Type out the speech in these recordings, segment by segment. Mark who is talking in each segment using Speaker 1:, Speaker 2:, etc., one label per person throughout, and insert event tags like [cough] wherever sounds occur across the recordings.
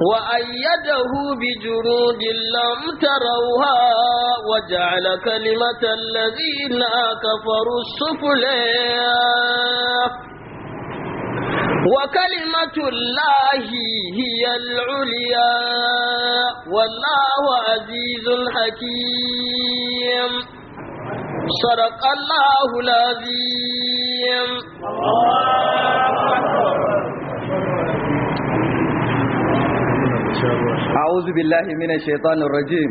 Speaker 1: وأيده بجنود لم تروها وجعل كلمة الذين كفروا السفلى وكلمة الله هي العليا والله عزيز حكيم صدق الله العظيم
Speaker 2: أعوذ بالله من الشيطان الرجيم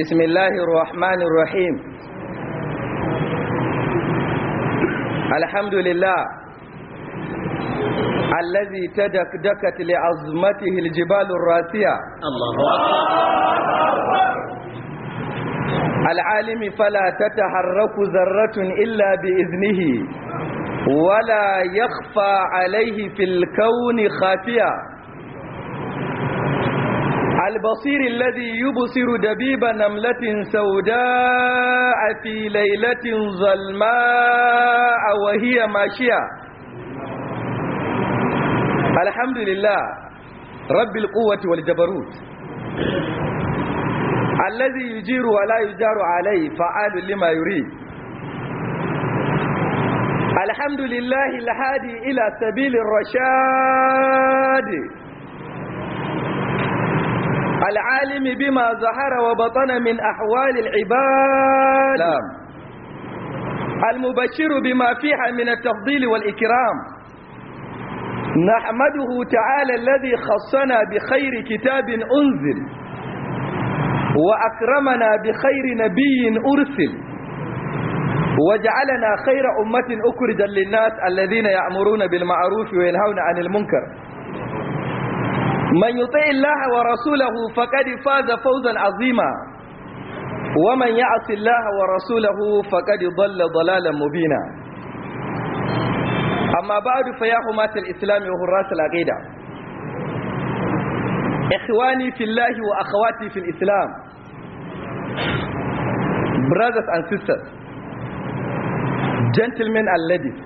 Speaker 2: بسم الله الرحمن الرحيم الحمد لله الذي تدكدكت لعظمته الجبال الراسية الله العالم فلا تتحرك ذرة إلا بإذنه ولا يخفى عليه في الكون خافيا البصير الذي يبصر دبيب نملة سوداء في ليلة ظلماء وهي ماشية الحمد لله رب القوة والجبروت الذي يجير ولا يجار عليه فعال لما يريد الحمد لله الهادي إلى سبيل الرشاد العالم بما ظهر وبطن من أحوال العباد المبشر بما فيها من التفضيل والإكرام نحمده تعالى الذي خصنا بخير كتاب أنزل وأكرمنا بخير نبي أرسل وجعلنا خير أمة أكرجا للناس الذين يأمرون بالمعروف وينهون عن المنكر من يطيع الله ورسوله فقد فاز فوزا عظيما ومن يعص الله ورسوله فقد ضل ضلالا مبينا أما بعد فيا حماة الإسلام وهراس العقيدة إخواني في الله وأخواتي في الإسلام brothers and sisters gentlemen and ladies,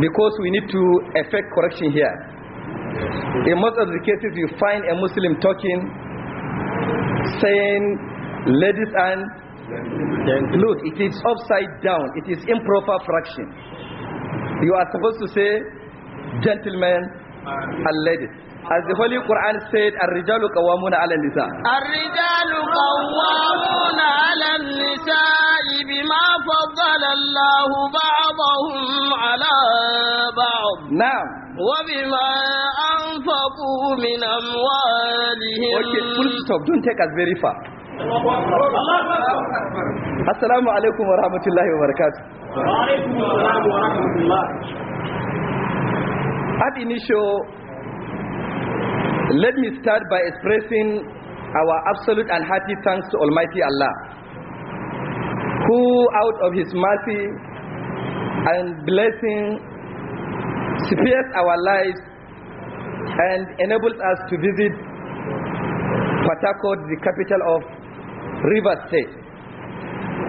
Speaker 2: because we need to effect correction here. In most of the cases, you find a Muslim talking, saying, ladies and look, it is upside down. It is improper fraction. You are supposed to say, gentlemen and ladies. As the Holy Quran said, Ar-rijalu qawwamuna 'ala an-nisa.
Speaker 1: Ar-rijalu qawwamuna 'ala an-nisa'i bima faddala Allahu وبما أنفقوا من أموالهم Okay,
Speaker 2: full stop. Don't take us very far. Assalamu alaikum wa rahmatullahi wa barakatuh. Wa alaikum wa rahmatullahi wa barakatuh. Ad Let me start by expressing our absolute and hearty thanks to Almighty Allah, who out of His mercy and blessing spares our lives and enables us to visit Patakot, the capital of River State.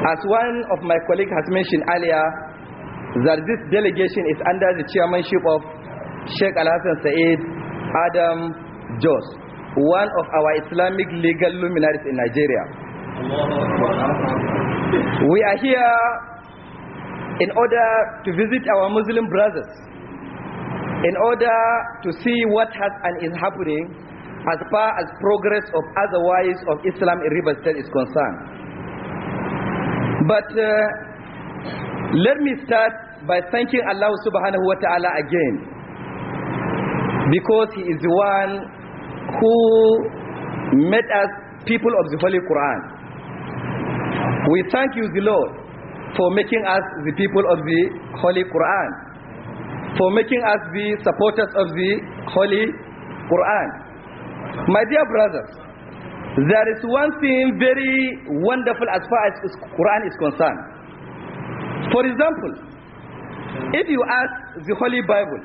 Speaker 2: As one of my colleagues has mentioned earlier, that this delegation is under the chairmanship of Sheikh Al Hassan Said Adam Jos, one of our Islamic legal luminaries in Nigeria. We are here in order to visit our Muslim brothers, in order to see what has and is happening as far as progress of otherwise of Islam in River State is concerned. But uh, let me start by thanking Allah subhanahu wa ta'ala again because he is the one who made us people of the Holy Quran. We thank you, the Lord, for making us the people of the Holy Quran, for making us the supporters of the Holy Quran. My dear brothers, there is one thing very wonderful as far as Quran is concerned. For example, if you ask the Holy Bible,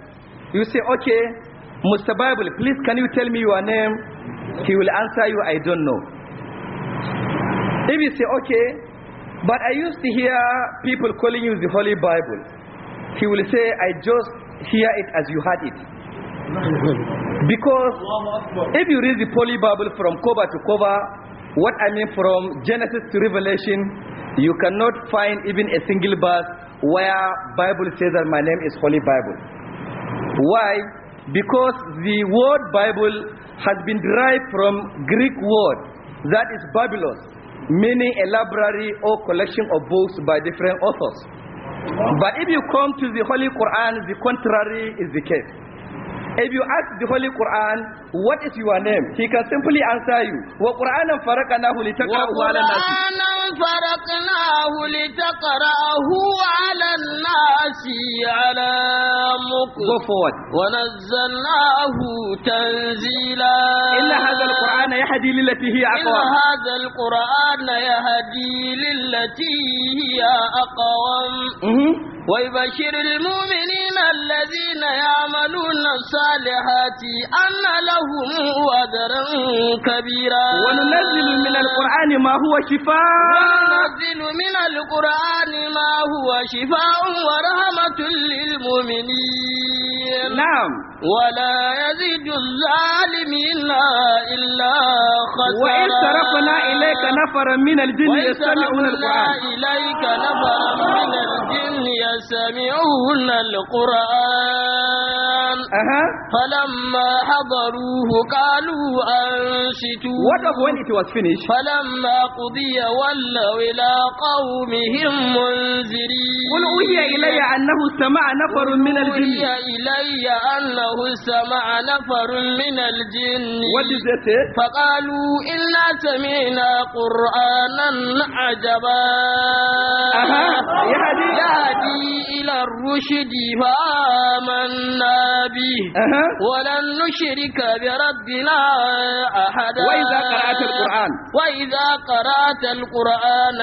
Speaker 2: you say, okay, Mr. Bible, please can you tell me your name? He will answer you, I don't know. If you say, okay, but I used to hear people calling you the Holy Bible, he will say, I just hear it as you heard it. Because if you read the Holy Bible from cover to cover, what I mean from Genesis to Revelation, you cannot find even a single verse where Bible says that my name is Holy Bible. Why? because the word Bible has been derived from Greek word that is babylon meaning a library or collection of books by different authors. But if you come to the Holy Quran, the contrary is the case. if ask the holy quran what is your name he can simply wa qur'anan faraqnahu li taqra'ahu 'ala an-nas wa qur'anan faraqnahu
Speaker 1: li taqra'ahu 'ala an-nas 'ala mukfawat inna hadha al-qur'ana yahdi lil lati hiya aqwa ويبشر المؤمنين الذين يعملون الصالحات أن لهم أجرا كبيرا وننزل من
Speaker 2: القرآن ما هو شفاء
Speaker 1: وننزل من القرآن ما هو شفاء ورحمة للمؤمنين نعم ولا يزيد الظالم إلا خسارا وإن صرفنا
Speaker 2: إليك نفرا من الجن القرآن
Speaker 1: إليك نفرا من الجن يستمعون القرآن فلما حضروه قالوا انشتوا what
Speaker 2: of when it
Speaker 1: فلما قضي ولوا الى قومهم منذرين قل اوحي الي انه سمع نفر من الجن اوحي الي انه سمع نفر من الجن what did they فقالوا انا سمعنا قرانا عجبا يهدي الى الرشد فامنا به ولن نشرك بربنا أحدا وإذا قرأت القرآن وإذا قرأت القرآن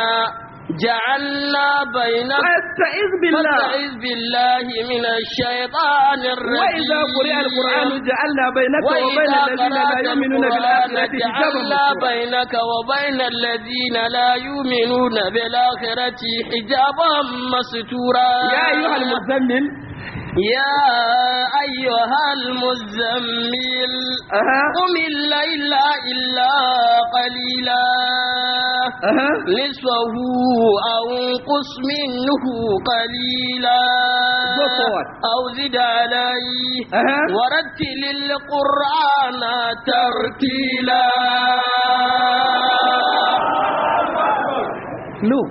Speaker 1: جعلنا بينك فاستعذ بالله فاستعذ بالله من الشيطان الرجيم وإذا قرئ القرآن جعلنا بينك وبين الذين لا يؤمنون بالآخرة حجابا جعلنا بينك وبين الذين لا يؤمنون بالآخرة حجابا مستورا يا أيها المزمل يا أيها المزمل قم الليل إلا قليلا نصفه أو انقص منه قليلا أو زد عليه ورتل القرآن ترتيلا
Speaker 2: Look,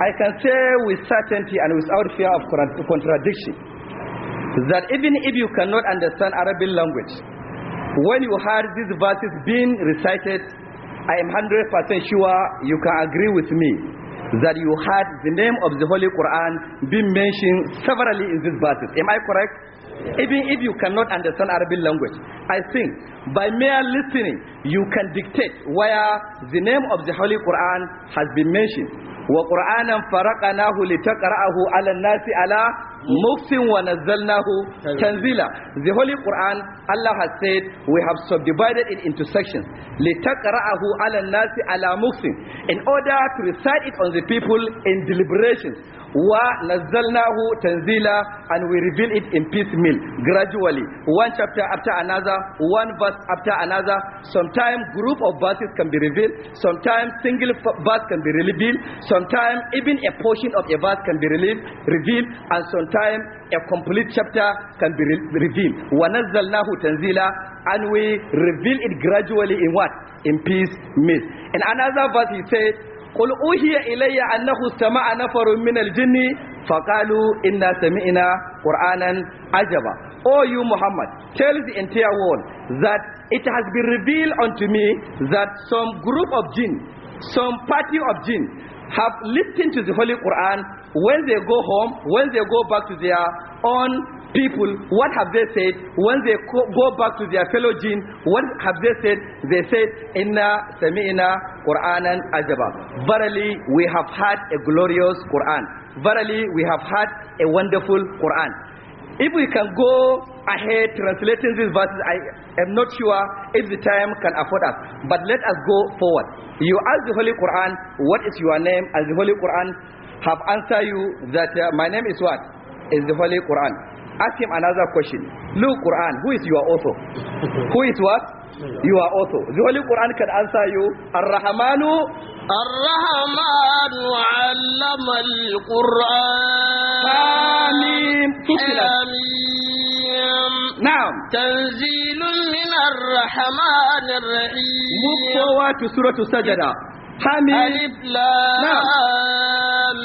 Speaker 2: I can say with certainty and without fear of contradiction that even if you cannot understand Arabic language, when you heard these verses being recited, I am 100% sure you can agree with me that you heard the name of the Holy Quran being mentioned severally in these verses. Am I correct? Even if you cannot understand Arabic language, I think by mere listening, you can dictate where the name of the Holy Quran has been mentioned. وَقُرْآنًا فَرَقَنَاهُ لِتَقْرَأَهُ عَلَى النَّاسِ عَلَى muftin wa nazzalnahu tanzila the holy quran allah has said we have subdivided it into sections litaqra'ahu 'ala an-nasi 'ala muftin in order to recite it on the people in deliberations wa nazzalnahu tanzila and we reveal it in piecemeal gradually one chapter after another one verse after another sometimes group of verses can be revealed sometimes single verse can be revealed sometimes even a portion of a verse can be revealed and sometimes time a complete chapter can be revealed wa nazzalnahu tanzila and we reveal it gradually in what in peace mist in another verse he said قل أوحي إلي أنه استمع نفر من الجن فقالوا إنا سمعنا قرآنا عجبا o you Muhammad, tell the entire world that it has been revealed unto me that some group of jinn, some party of jinn have listened to the Holy Quran, when they go home, when they go back to their own people, what have they said? When they go back to their fellow jinn, what have they said? They said, Inna sami'na Qur'anan ajaba. Verily, we have had a glorious Quran. Verily, we have had a wonderful Quran. If we can go ahead translating these verses, I am not sure if the time can afford us. But let us go forward. You ask the Holy Quran, what is your name? And the Holy Quran have answered you that uh, my name is what? Is the Holy Quran. Ask him another question. Look, Quran, who is your author? [laughs] who is what? You are author. The Holy Quran can answer you, Ar-Rahmanu
Speaker 1: الرحمن علم القرآن آمين نعم تنزيل من الرحمن الرحيم مقوات
Speaker 2: سورة السجدة حميد
Speaker 1: نعم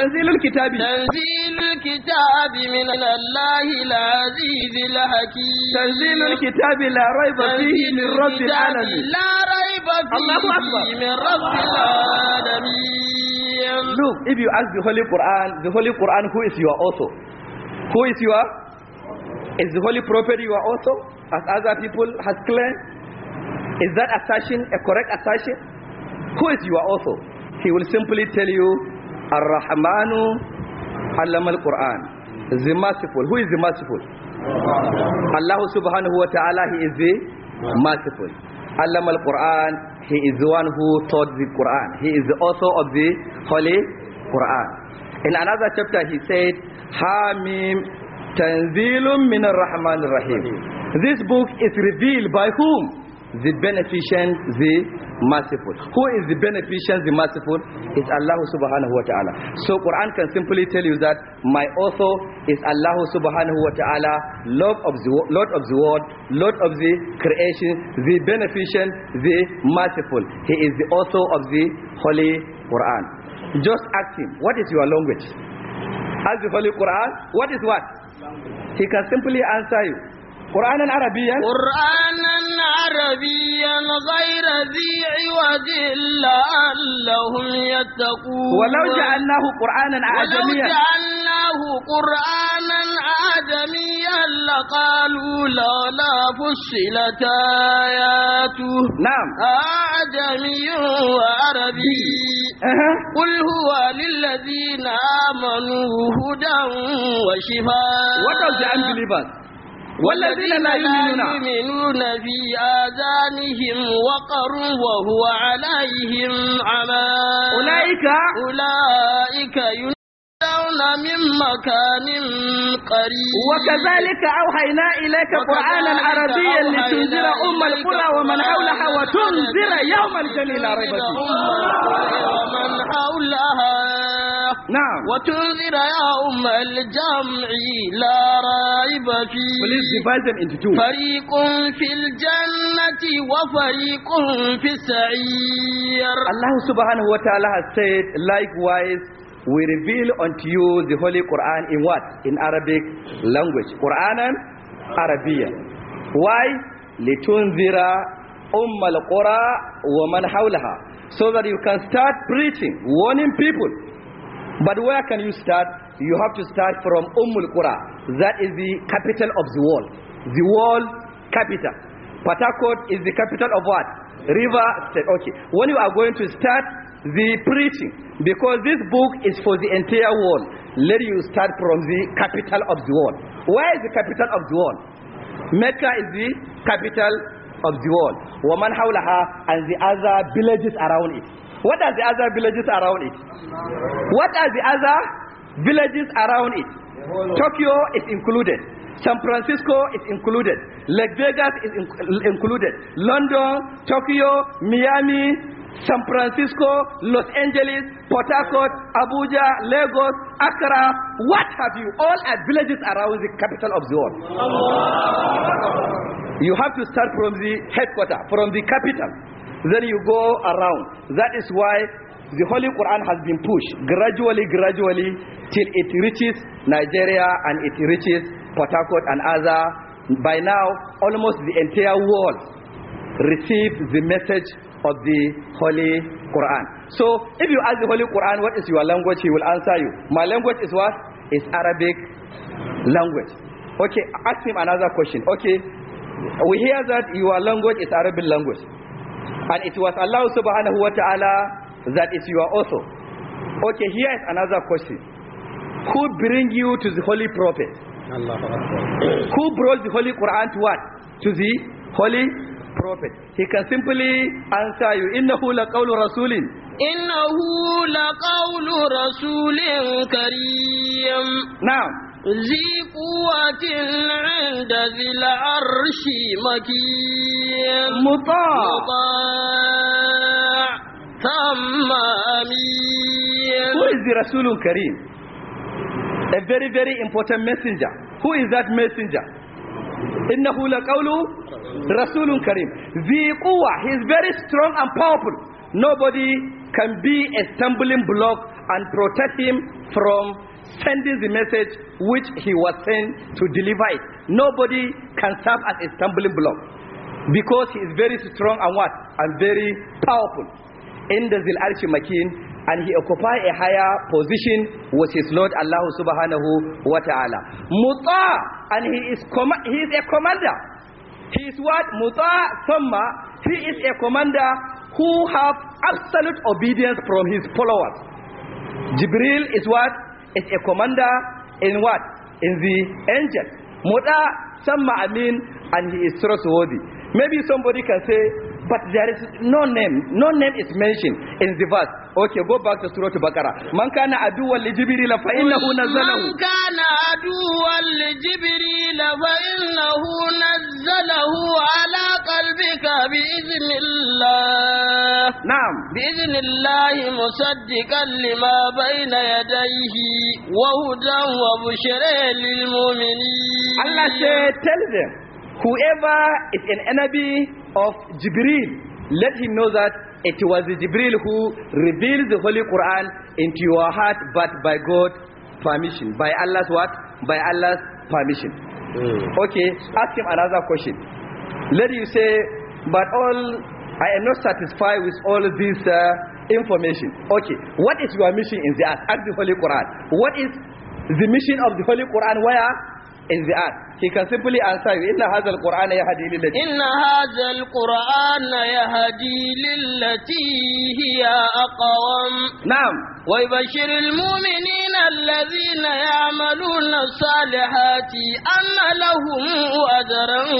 Speaker 1: تنزيل الكتاب تنزيل الكتاب من الله العزيز الحكيم تنزيل
Speaker 2: الكتاب لا ريب فيه من رب العالمين
Speaker 1: لا ريب فيه من رب العالمين Look,
Speaker 2: if you ask the Holy Quran, the Holy Quran, who is you are also? Who is you are? Is the Holy Prophet you are also? As other people has claimed? Is that assertion a correct assertion? Who is your author? He will simply tell you Ar-Rahmanu allama al-Qur'an the merciful who is the merciful Allah subhanahu wa ta'ala he is the merciful allama al-Qur'an he is the one who taught the Qur'an he is the author of the holy Qur'an in another chapter he said hamim tanzilun min ar-rahman rahim this book is revealed by whom the beneficent the merciful. Who is the beneficent, the merciful? It's Allah subhanahu wa ta'ala. So Quran can simply tell you that my author is Allah subhanahu wa ta'ala, Lord of the Lord of the world, Lord of the creation, the beneficent, the merciful. He is the author of the Holy Quran. Just ask him, what is your language? As the Holy Quran, what is what? He can simply answer you. Quran and Arabian. Quran
Speaker 1: ربيا غير ذي عوج لعلهم يتقون ولو جعلناه قرآنا أعجميا ولو جعلناه قرآنا أعجميا لقالوا لولا فصلت آياته نعم أعجمي وعربي قل هو للذين آمنوا هدى
Speaker 2: وشفاء What does the unbelievers
Speaker 1: والذين لا يؤمنون في آذانهم وقر وهو عليهم عمى أولئك أولئك ينادون من مكان قريب وكذلك أوحينا إليك قرآنا عربيا لتنذر أم القرى ومن حولها وتنذر يوم الجليل ريب ومن حولها نعم وتنذر أم الجمع لا ريب فيه فريق في الجنة وفريق في السعير الله
Speaker 2: سبحانه وتعالى has said likewise we reveal unto you the Holy Quran in what? In Arabic language and Arabian Why? لتنذر أم القرى ومن حولها So that you can start preaching, warning people But where can you start? You have to start from Ummul Qura. That is the capital of the world. The world capital. Patakot is the capital of what? River State. Okay. When you are going to start the preaching, because this book is for the entire world, let you start from the capital of the world. Where is the capital of the world? Mecca is the capital of the world. Woman Hawlaha and the other villages around it. What are the other villages around it? What are the other villages around it? Tokyo is included. San Francisco is included. Las Vegas is in included. London, Tokyo, Miami, San Francisco, Los Angeles, Port Harcourt, Abuja, Lagos, Accra. What have you? All are villages around the capital of the world. You have to start from the headquarters, from the capital. then you go around that is why the holy quran has been pushed gradually gradually till it reaches nigeria and it reaches port harcourt and other by now almost the entire world receives the message of the holy quran so if you ask the holy quran what is your language he will answer you my language is what is arabic language okay ask him another question okay we hear that your language is arabic language And it was Allah subhanahu wa ta'ala that is your also. Okay, here is another question. Who bring you to the Holy Prophet? Who brought the Holy Quran to what? To the Holy Prophet. He can simply answer you. Innahu laqawlu rasulin.
Speaker 1: Innahu laqawlu rasulin kareem. Now, ذي قوة عند ذي العرش مكين مطاع مطاع ثم
Speaker 2: أمين Who is the Rasul Kareem? A very very important messenger. Who is that messenger? إنه لقول رسول كريم ذي قوة he is very strong and powerful nobody can be a stumbling block and protect him from sending the message which he was sent to deliver it. Nobody can serve as a stumbling block because he is very strong and what? And very powerful. In the Zil Makin, and he occupied a higher position with his Lord Allah subhanahu wa ta'ala. Muta, and he is, he is a commander. He is what? Muta Samma, he is a commander who have absolute obedience from his followers. Jibril is what? is a commander in what? In the angel. Muda samma ma'amin and he is trustworthy. Maybe somebody can say, but there is no name no name is mentioned in the verse okay go back to surah al-baqarah man kana aduwwan li jibril fa innahu nazzalahu man
Speaker 1: kana aduwwan li jibril fa innahu nazzalahu ala qalbika bi idhnillah na'am bi idhnillah musaddiqan lima bayna yadayhi wa hudan wa bushra lil mu'minin Allah say
Speaker 2: tell them whoever is an enemy of Jibril, let him know that it was Jibril who revealed the Holy Quran into your heart, but by God's permission. By Allah's what? By Allah's permission. Mm. Okay, ask him another question. Let you say, but all, I am not satisfied with all this uh, information. Okay, what is your mission in the earth? Ask the Holy Quran. What is the mission of the Holy Quran? Where? In the earth. he can simply answer you inna hadha alquran yahdi lil lati inna
Speaker 1: hadha alquran yahdi lil lati hiya aqwam na'am wa yubashshirul mu'minina alladhina ya'maluna as-salihati anna lahum ajran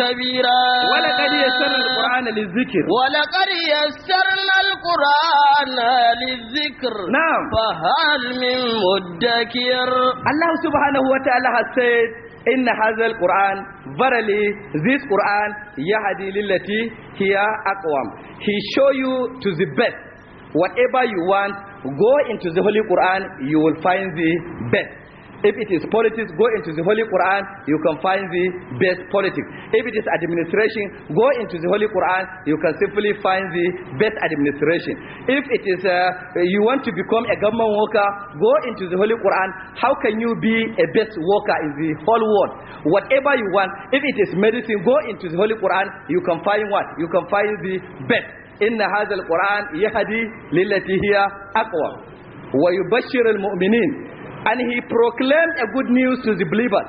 Speaker 1: kabira wa laqad yassarna alquran lizikr wa laqad yassarna alquran lizikr na'am fa hal min mudakkir Allah subhanahu wa ta'ala
Speaker 2: has said inna hazal qur'an verily this qur'an yahdi lillati hiya aqwam he show you to the best whatever you want go into the holy quran you will find the best If it is politics, go into the Holy Quran, you can find the best politics. If it is administration, go into the Holy Quran, you can simply find the best administration. If it is uh, you want to become a government worker, go into the Holy Quran. How can you be a best worker in the whole world? Whatever you want, if it is medicine, go into the Holy Quran, you can find what? You can find the best. إن هذا القرآن يهدي للتي هي أقوى ويبشر المؤمنين and he proclaimed a good news to the believers.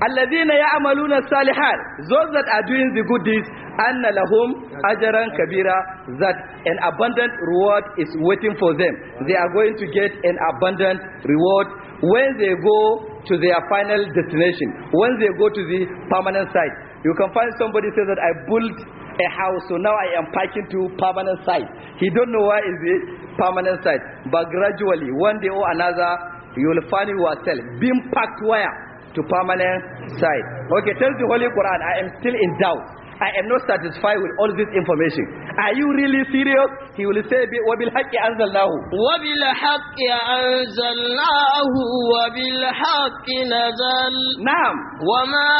Speaker 2: Alladhina Amaluna salihat, those that are doing the good deeds, anna lahum ajaran kabira, that an abundant reward is waiting for them. They are going to get an abundant reward when they go to their final destination, when they go to the permanent site. You can find somebody say that I built a house so now I am packing to permanent site he don't know why is the permanent site but gradually one day or another you will find yourself being packed where to permanent site okay tell the Holy Quran I am still in doubt I am not satisfied with all this information. Are you really serious? He will say, وَبِالْحَقِّ
Speaker 1: أَنزَلْنَاهُ وَبِالْحَقِّ أَنزَلْنَاهُ وَبِالْحَقِّ نَزَلْ نعم وَمَا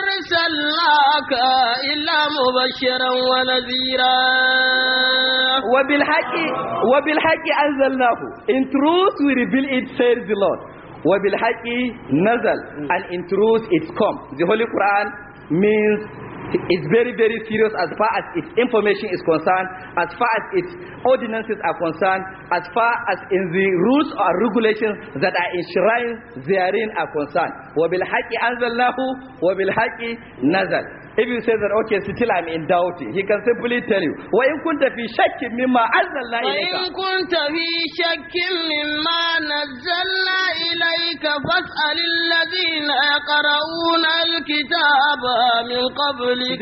Speaker 1: أَرْسَلْنَاكَ إِلَّا مُبَشِّرًا وَنَذِيرًا وَبِالْحَقِّ
Speaker 2: وَبِالْحَقِّ أَنزَلْنَاهُ In truth we reveal it, says the Lord. وَبِالْحَقِّ نَزَلْ And in truth it's come. The Holy Quran means is very very serious as far as its information is concerned as far as its ordinances are concerned as far as in the rules or regulations that are enshrined therein are concerned وَبِالْحَقِّ أَنزَلْنَاهُ وَبِالْحَقِّ نَزَلَ If you say that, okay, still I'm in doubt, he can simply tell you, Why you فِي شَكٍّ مِمَّا أَنزَلْنَا إِلَيْكَ وَإِن
Speaker 1: كُنْتَ فِي شَكٍّ مِمَّا نَزَّلْنَا إِلَيْك فَاسْأَلِ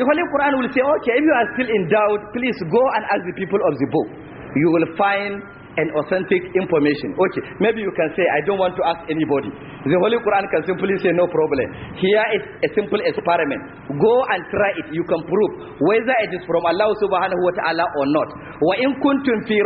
Speaker 1: The Holy Quran
Speaker 2: will say, okay, if you are still in doubt, please go and ask the people of the book. You will find and authentic information. Okay, maybe you can say, I don't want to ask anybody. The Holy Quran can simply say, no problem. Here is a simple experiment. Go and try it. You can prove whether it is from Allah subhanahu wa ta'ala or not. وَإِن كُنتُمْ فِي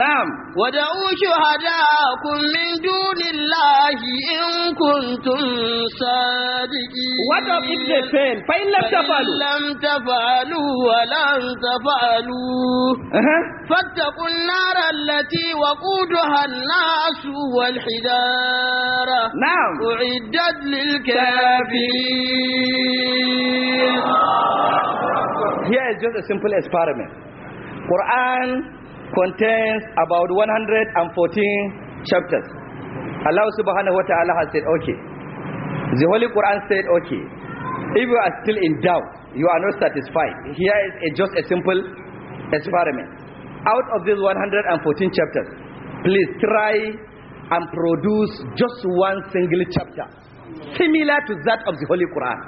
Speaker 1: نعم وَادْعُوا شُهَدَاءَكُم مِّن دُونِ اللَّهِ إِن كُنتُمْ What of if they fail? فإن لم تفعلوا لم تفعلوا ولن تفعلوا uh -huh. فاتقوا النار التي وقودها الناس والحجارة نعم أعدت للكافرين
Speaker 2: Here is just a simple experiment. Quran contains about 114 chapters. Allah subhanahu wa ta'ala has said, okay, The Holy Quran said, okay, if you are still in doubt, you are not satisfied. Here is a, just a simple experiment. Out of these 114 chapters, please try and produce just one single chapter, similar to that of the Holy Quran.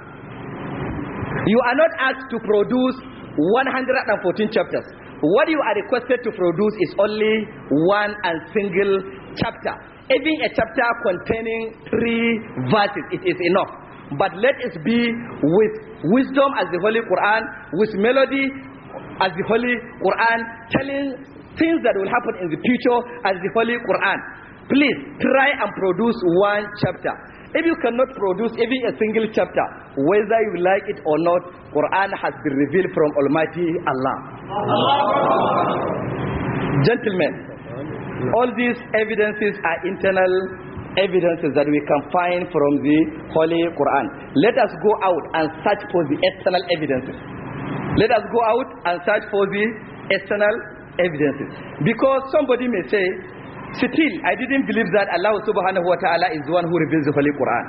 Speaker 2: You are not asked to produce 114 chapters. What you are requested to produce is only one and single chapter. even a chapter containing three verses, it is enough. But let it be with wisdom as the Holy Quran, with melody as the Holy Quran, telling things that will happen in the future as the Holy Quran. Please try and produce one chapter. If you cannot produce even a single chapter, whether you like it or not, Quran has been revealed from Almighty Allah.
Speaker 3: Allah.
Speaker 2: Gentlemen, All these evidences are internal evidences that we can find from the Holy Quran. Let us go out and search for the external evidences. Let us go out and search for the external evidences. Because somebody may say, still, I didn't believe that Allah subhanahu wa ta'ala is the one who reveals the Holy Quran.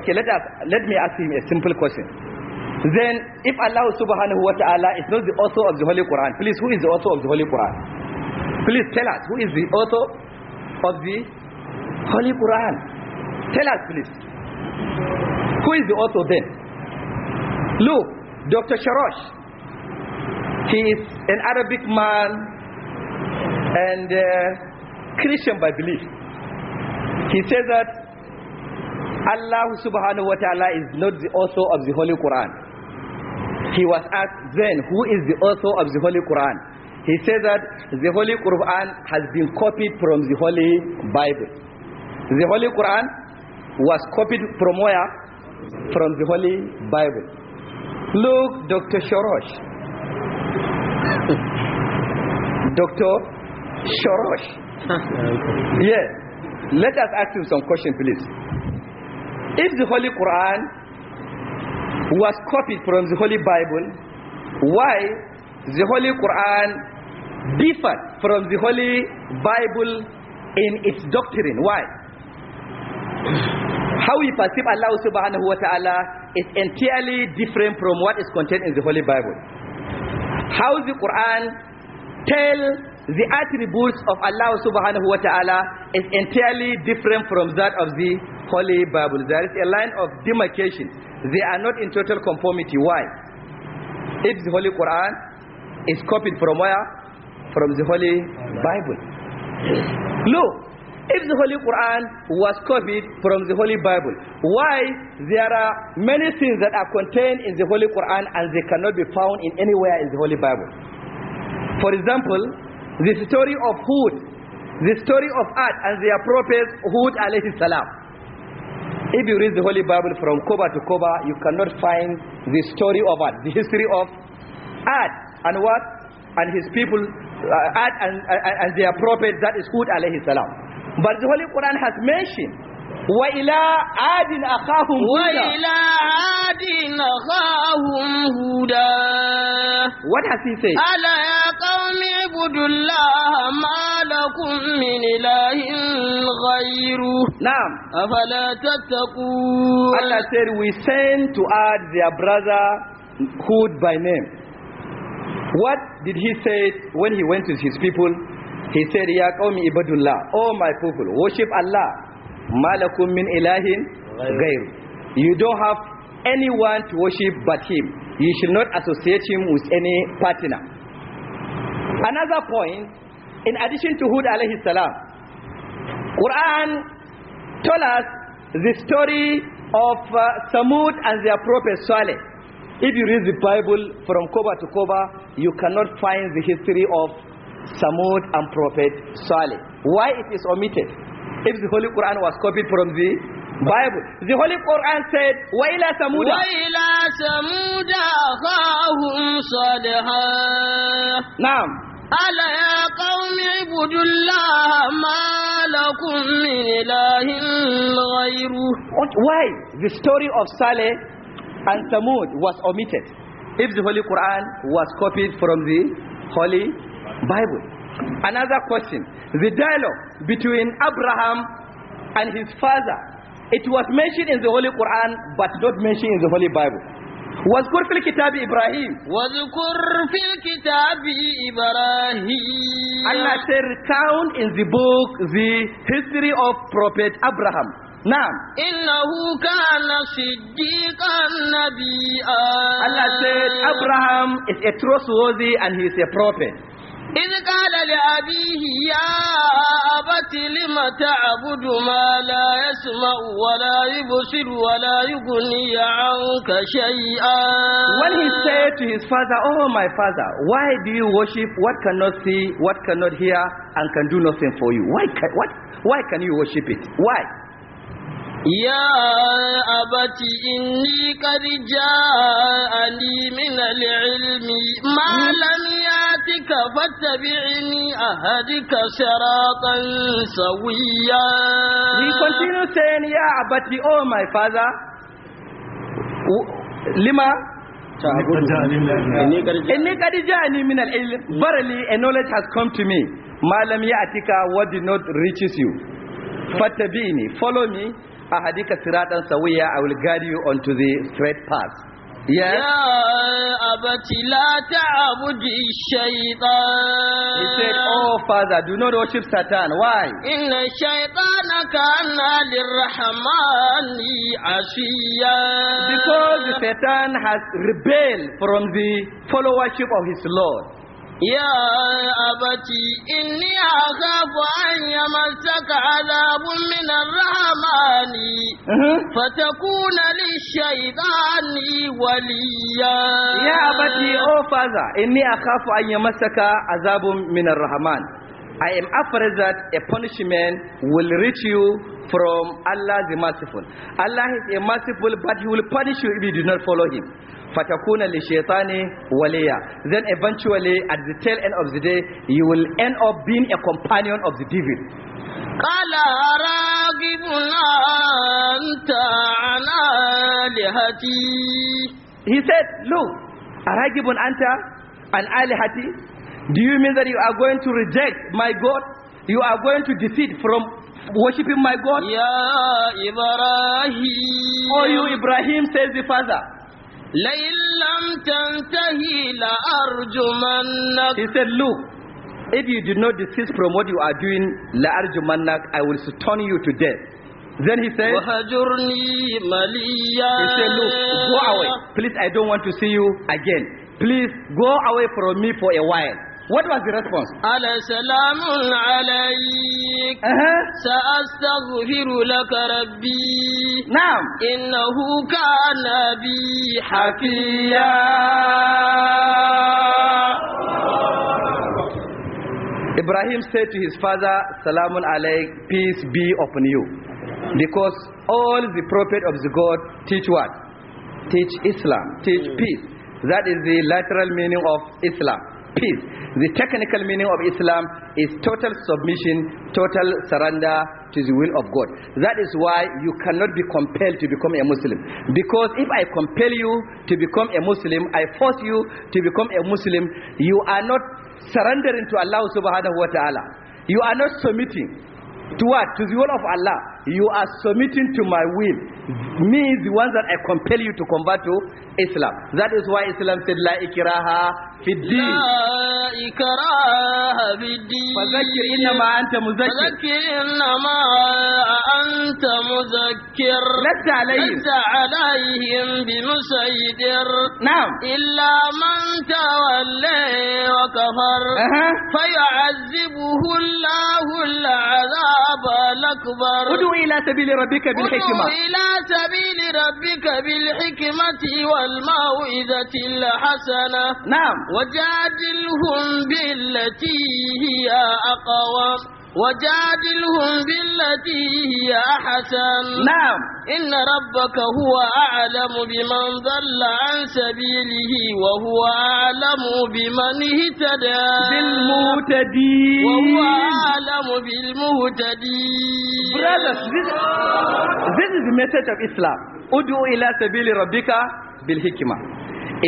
Speaker 2: Okay, let, us, let me ask him a simple question. Then, if Allah subhanahu wa ta'ala is not the author of the Holy Quran, please, who is the author of the Holy Quran? Please tell us who is the author of the Holy Quran. Tell us, please. Who is the author then? Look, Dr. Sharosh. He is an Arabic man and uh, Christian by belief. He says that Allah subhanahu wa ta'ala is not the author of the Holy Quran. He was asked then, who is the author of the Holy Quran? He said that the Holy Quran has been copied from the Holy Bible. The Holy Quran was copied from where? From the Holy Bible. Look, Dr. Shorosh. [laughs] Dr. Shorosh. [laughs] yes. Let us ask him some questions, please. If the Holy Quran was copied from the Holy Bible, why the Holy Quran differed from the Holy Bible in its doctrine. Why? How we perceive Allah subhanahu wa ta'ala is entirely different from what is contained in the Holy Bible. How the Quran tells the attributes of Allah subhanahu wa ta'ala is entirely different from that of the Holy Bible. There is a line of demarcation. They are not in total conformity. Why? If the Holy Quran is copied from where? from the Holy Bible. Look, if the Holy Quran was copied from the Holy Bible, why there are many things that are contained in the Holy Quran and they cannot be found in anywhere in the Holy Bible? For example, the story of Hud, the story of Ad and their Hood Hud alayhi salam. If you read the Holy Bible from cover to cover, you cannot find the story of Ad, the history of Ad and what and his people Uh, and, and, uh, and their prophet that is Hud alayhi salam. But the Holy Quran has mentioned وإلى عاد
Speaker 1: أخاهم هودا وإلى عاد أخاهم هودا What has he said? ألا يا قوم اعبدوا الله ما لكم من إله غيره نعم أفلا
Speaker 2: تتقون Allah said we sent to add their brother Hud by name What did he say when he went to his people? He said, Ya qawmi ibadullah, all my people, worship Allah. Malakum min ilahin ghayr. You don't have anyone to worship but him. You should not associate him with any partner. Another point, in addition to Hud alayhi salam, Quran told us the story of uh, Samud and their prophet Saleh. If you read the Bible from cover to cover, you cannot find the history of Samud and Prophet Saleh. Why it is omitted? If the Holy Quran was copied from the Bible. The Holy Quran said, وَإِلَى ثَمُودَ وَإِلَى
Speaker 1: ثَمُودَ أَخَاهُمْ صَالِحًا نعم أَلَا يَا قَوْمِ اعْبُدُوا اللَّهَ مَا لَكُمْ مِنْ إِلَٰهٍ غَيْرُهُ
Speaker 2: Why? The story of Saleh and Samud was omitted if the Holy Quran was copied from the Holy Bible. Another question, the dialogue between Abraham and his father, it was mentioned in the Holy Quran but not mentioned in the Holy Bible. واذكر في الكتاب إبراهيم
Speaker 1: واذكر في الكتاب إبراهيم Allah said, "Found
Speaker 2: in the book the history of prophet Abraham Na'am.
Speaker 1: Innahu kana siddiqan nabiyya. Allah said Abraham
Speaker 2: is a trustworthy and he is a prophet.
Speaker 1: إذ قال لأبيه يا أبت لم تعبد ما لا يسمع ولا يبصر ولا يغني عنك شيئا When he
Speaker 2: said to his father, Oh my father, why do you worship what cannot see, what cannot hear, and can do nothing for you? Why, can, what, why can you worship it? Why?
Speaker 1: يا أبت إني قد جاءني من العلم ما لم يأتك فاتبعني أهدك صراطا سويا He continues saying, Ya Abati, oh my
Speaker 2: father, lima inni qad ja'ani min al verily a knowledge has come to me ma lam ya'tika what did not reaches you fattabi'ni follow me ahadika siratan sawiya I will guide you onto the straight path
Speaker 1: Yes. Ya abati la ta'budi shaytan. He said,
Speaker 2: Oh father, do not worship Satan. Why?
Speaker 1: Inna shaytana kana lirrahmani asiya. Because
Speaker 2: Satan has rebelled from the followership of his Lord.
Speaker 1: يا أبتي إني أخاف أن يمسك عذاب من الرحمن فتكون للشيطان وليا يا أبتي
Speaker 2: أو father, إني أخاف أن يمسك عذاب من الرحمن
Speaker 1: I am afraid
Speaker 2: that a punishment will reach you from Allah the merciful. Allah is a merciful but he will punish you if you do not follow him. fatakuna li shaitani waliya then eventually at the tail end of the day you will end up being a companion of the devil
Speaker 1: قال راغب أنت عن آلهتي He said, look, راغب
Speaker 2: أنت عن Do you mean that you are going to reject my God? You are going to defeat from worshipping my God? Ya Ibrahim. Oh, you Ibrahim,
Speaker 1: says the father. لئن لم تنتهي لأرجمنك He said, look,
Speaker 2: if you do not
Speaker 1: desist from what you are
Speaker 2: doing, لأرجمنك, I will stone you to death. Then he said,
Speaker 1: وهجرني مليا He said, look, go away. Please, I don't
Speaker 2: want to see you again. Please, go away from me for a while. What was the response? Ala
Speaker 1: salamun alayk. Uh-huh. Sa'astaghfiru laka rabbi. Na'am. Innahu kana bi hafiya.
Speaker 2: Ibrahim said to his father, Salamun alayk, peace be upon you. Because all the prophet of the God teach what? Teach Islam, teach hmm. peace. That is the literal meaning of Islam, peace. The technical meaning of Islam is total submission, total surrender to the will of God. That is why you cannot be compelled to become a Muslim. Because if I compel you to become a Muslim, I force you to become a Muslim, you are not surrendering to Allah subhanahu wa ta'ala. You are not submitting to what? To the will of Allah. You are submitting to my will. Me is the one that I compel you to convert to Islam. That is why Islam said, La ikraha
Speaker 1: fid deen. La ikraha fid Fazakir innama anta muzakir. Fazakir innama anta muzakir. Lasta alayhim. Lasta alayhim bimusaydir. Naam. Illa man tawallay wa kafar. Allahu al-azab al-akbar. إلى
Speaker 2: سبيل ربك بالحكمة
Speaker 1: إلى سبيل ربك بالحكمة والموعظة الحسنة نعم وجادلهم بالتي هي أقوى وجادلهم بالتي هي أحسن نعم إن ربك هو أعلم بمن ضل عن سبيله وهو أعلم بمن اهتدى بالمهتدين وهو أعلم بالمهتدين Brothers, this,
Speaker 2: this is the message of Islam. Udu ila sabili rabbika bil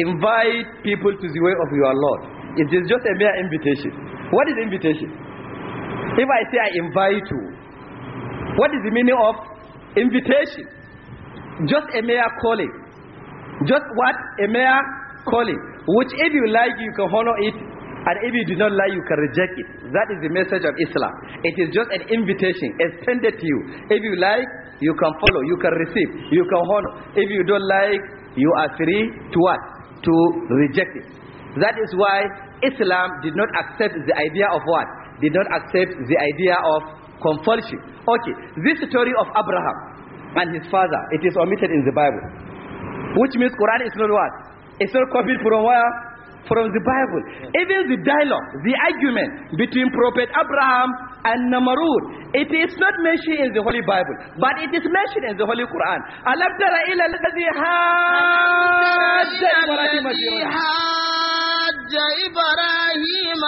Speaker 2: Invite people to the way of your Lord. It is just a mere invitation. What is invitation? If I say I invite you, what is the meaning of invitation? Just a mere calling. Just what? A mere calling. Which if you like, you can honor it. And if you do not like, you can reject it. That is the message of Islam. It is just an invitation extended to you. If you like, you can follow, you can receive, you can honor. If you don't like, you are free to what? To reject it. That is why Islam did not accept the idea of what? did not accept the idea of compulsion. Okay, this story of Abraham and his father, it is omitted in the Bible. Which means Quran is not what? It's not copied from where? From the Bible. Even the dialogue, the argument between Prophet Abraham and namarud it is not mentioned in the holy bible but it is mentioned in the holy quran alam tara ila alladhi hajja
Speaker 1: ibrahim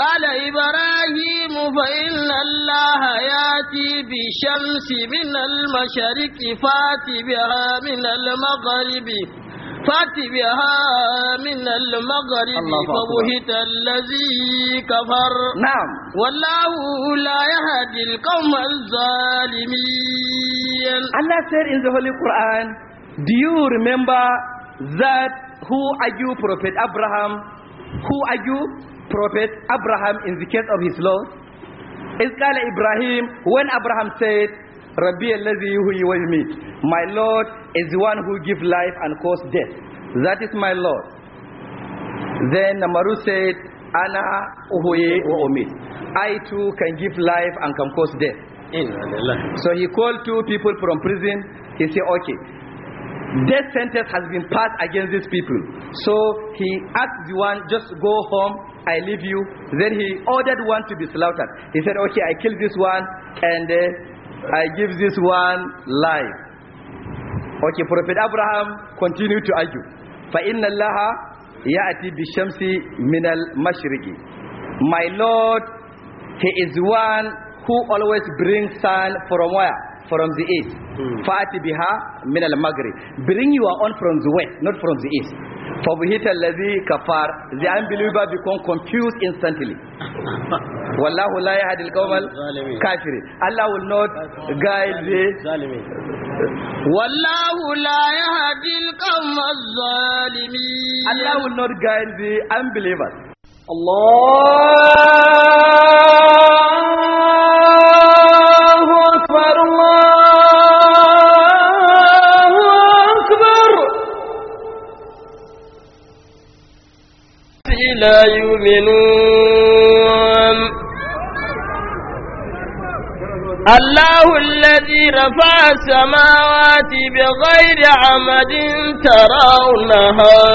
Speaker 1: قال إبراهيم فإن الله يأتي بالشمس من المشرق فات بها من المغرب فات بها من المغرب فبهت الذي كفر نعم والله لا يهدي القوم الظالمين Allah said in the Holy Quran
Speaker 2: Do you remember that who are you prophet Abraham who are you prophet Abraham in the case of his law? Is Ibrahim, when Abraham said, Rabbi Allazi yuhi wa meet, my Lord is the one who give life and cause death. That is my Lord. Then Namaru said, Ana uhuye wa I too can give life and can cause death. So he called two people from prison. He said, okay, death sentence has been passed against these people. So he asked the one, just go home, I leave you. Then he ordered one to be slaughtered. He said, okay, I kill this one and uh, I give this one life. Okay, Prophet Abraham continued to argue. فَإِنَّ اللَّهَ يَأْتِي بِالشَّمْسِ مِنَ الْمَشْرِقِ My Lord, He is one who always brings sun from where? from the east. Mm. Fa'ati biha min al-maghrib. Bring your own from the west, not from the east. For buhita allazi kafar, the unbeliever become confused instantly. [laughs] Wallahu la yahdi al-qawm al kafir. Allah will not guide the Wallahu la yahdi
Speaker 1: al-qawm al-zalimin. Allah will
Speaker 2: not guide the unbelievers.
Speaker 1: الله أكبر الله أكبر لا يؤمنون الله الذي رفع السماوات بغير عمد ترونها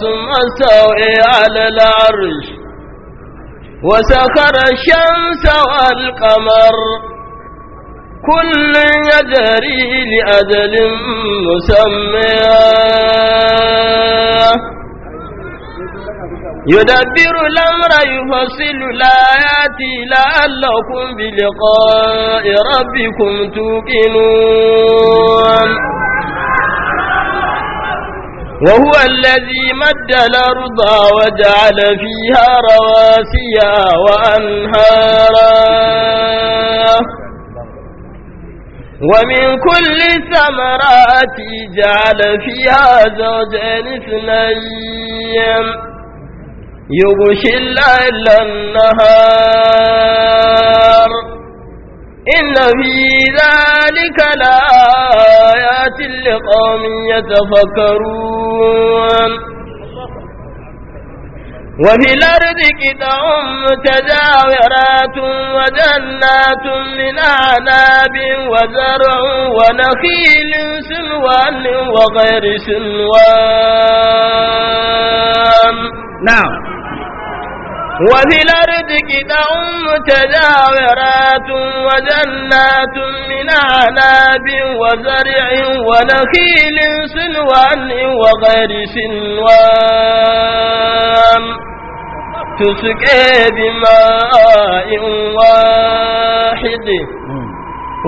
Speaker 1: ثم استوي على العرش
Speaker 2: وسخر
Speaker 1: الشمس والقمر كل يجري لأجل مسمى يدبر الأمر يفصل الآيات لعلكم بلقاء ربكم توقنون وهو الذي مد الأرض وجعل فيها رواسيا وأنهارا ومن كل الثمرات جعل فيها زوجين اثنين يغشي الليل النهار إن في ذلك لآيات لقوم يتفكرون وفي الأرض قطع متجاورات وجنات من أعناب وزرع ونخيل سنوان وغير سنوان نعم وفي الأرض قطع متجاورات وجنات من أعناب وزرع ونخيل سنوان وغير سنوان تسقى بماء واحد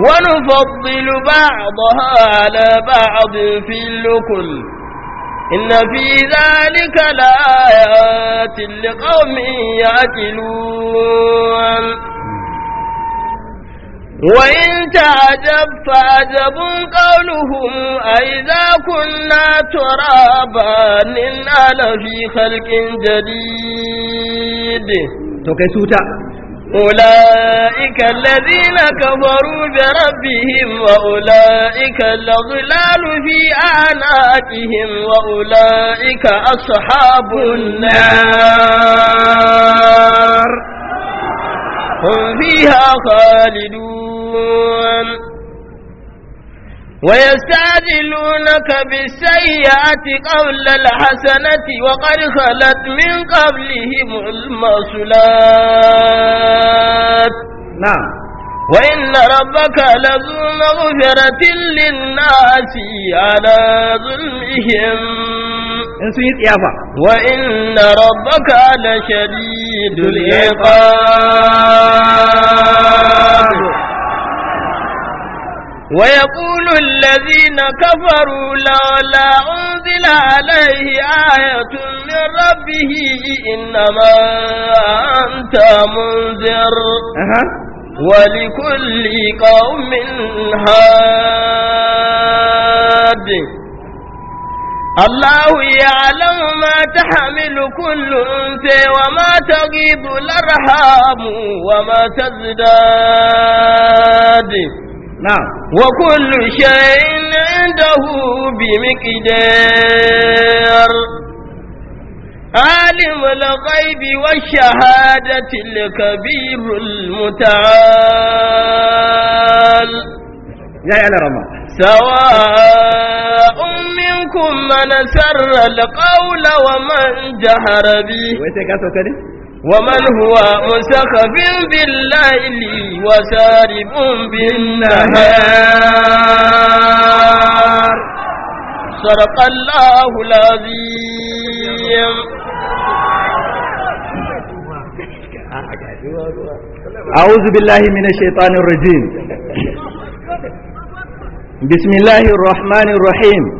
Speaker 1: ونفضل بعضها على بعض في اللكل إن في ذلك لآيات لقوم يعقلون وإن تعجب فعجب قولهم أئذا كنا ترابا إنا لفي خلق جديد
Speaker 2: to kai suta
Speaker 1: أولئك الذين كفروا بربهم وأولئك الأغلال في أعناقهم وأولئك أصحاب النار هم فيها خالدون ويستعجلونك بالسيئة قبل الحسنة وقد خلت من قبلهم المصلات نعم وإن ربك لذو مغفرة للناس على ظلمهم وإن ربك لشديد العقاب ويقول الذين كفروا لولا أنزل عليه آية من ربه إنما أنت منذر ولكل قوم هاد الله يعلم ما تحمل كل أنثى وما تغيب الأرحام وما تزداد نعم وكل شيء عنده بمقدار عالم الغيب والشهادة الكبير المتعال يا يا رب سواء منكم من سر القول ومن جهر به ومن هو مسخف بالليل وسارب بالنهار صدق الله العظيم
Speaker 2: أعوذ بالله من الشيطان الرجيم بسم الله الرحمن الرحيم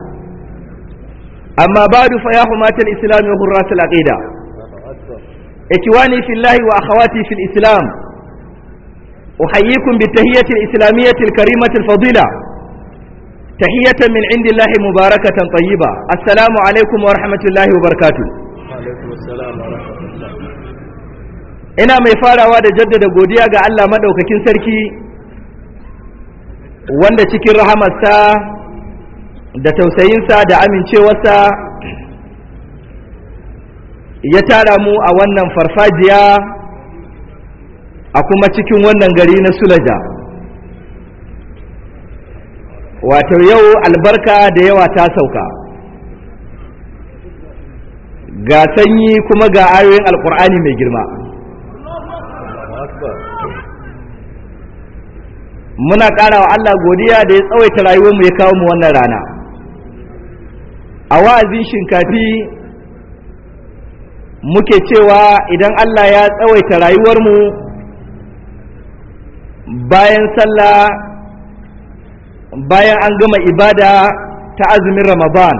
Speaker 2: أما بعد فيا حماة الإسلام وغرات العقيدة إخواني في الله وأخواتي في الإسلام أحييكم بالتهية الإسلامية الكريمة الفضيلة تهية من عند الله مباركة طيبة السلام عليكم ورحمة الله وبركاته
Speaker 3: وعليكم السلام ورحمة الله
Speaker 2: ina mai farawa da jaddada godiya ga Allah madaukakin sarki wanda cikin rahamarsa da tausayinsa da amincewarsa ya tara mu a wannan farfajiya a kuma cikin wannan gari na sulaja wato yau albarka da yawa ta sauka ga sanyi kuma ga ayoyin alkur'ani mai girma muna ƙara wa Allah godiya da ya tsawaita rayuwarmu ya kawo mu wannan rana a wa'azin shinkafi muke cewa idan Allah ya tsawaita rayuwarmu bayan sallah bayan an gama ibada ta azumin ramadan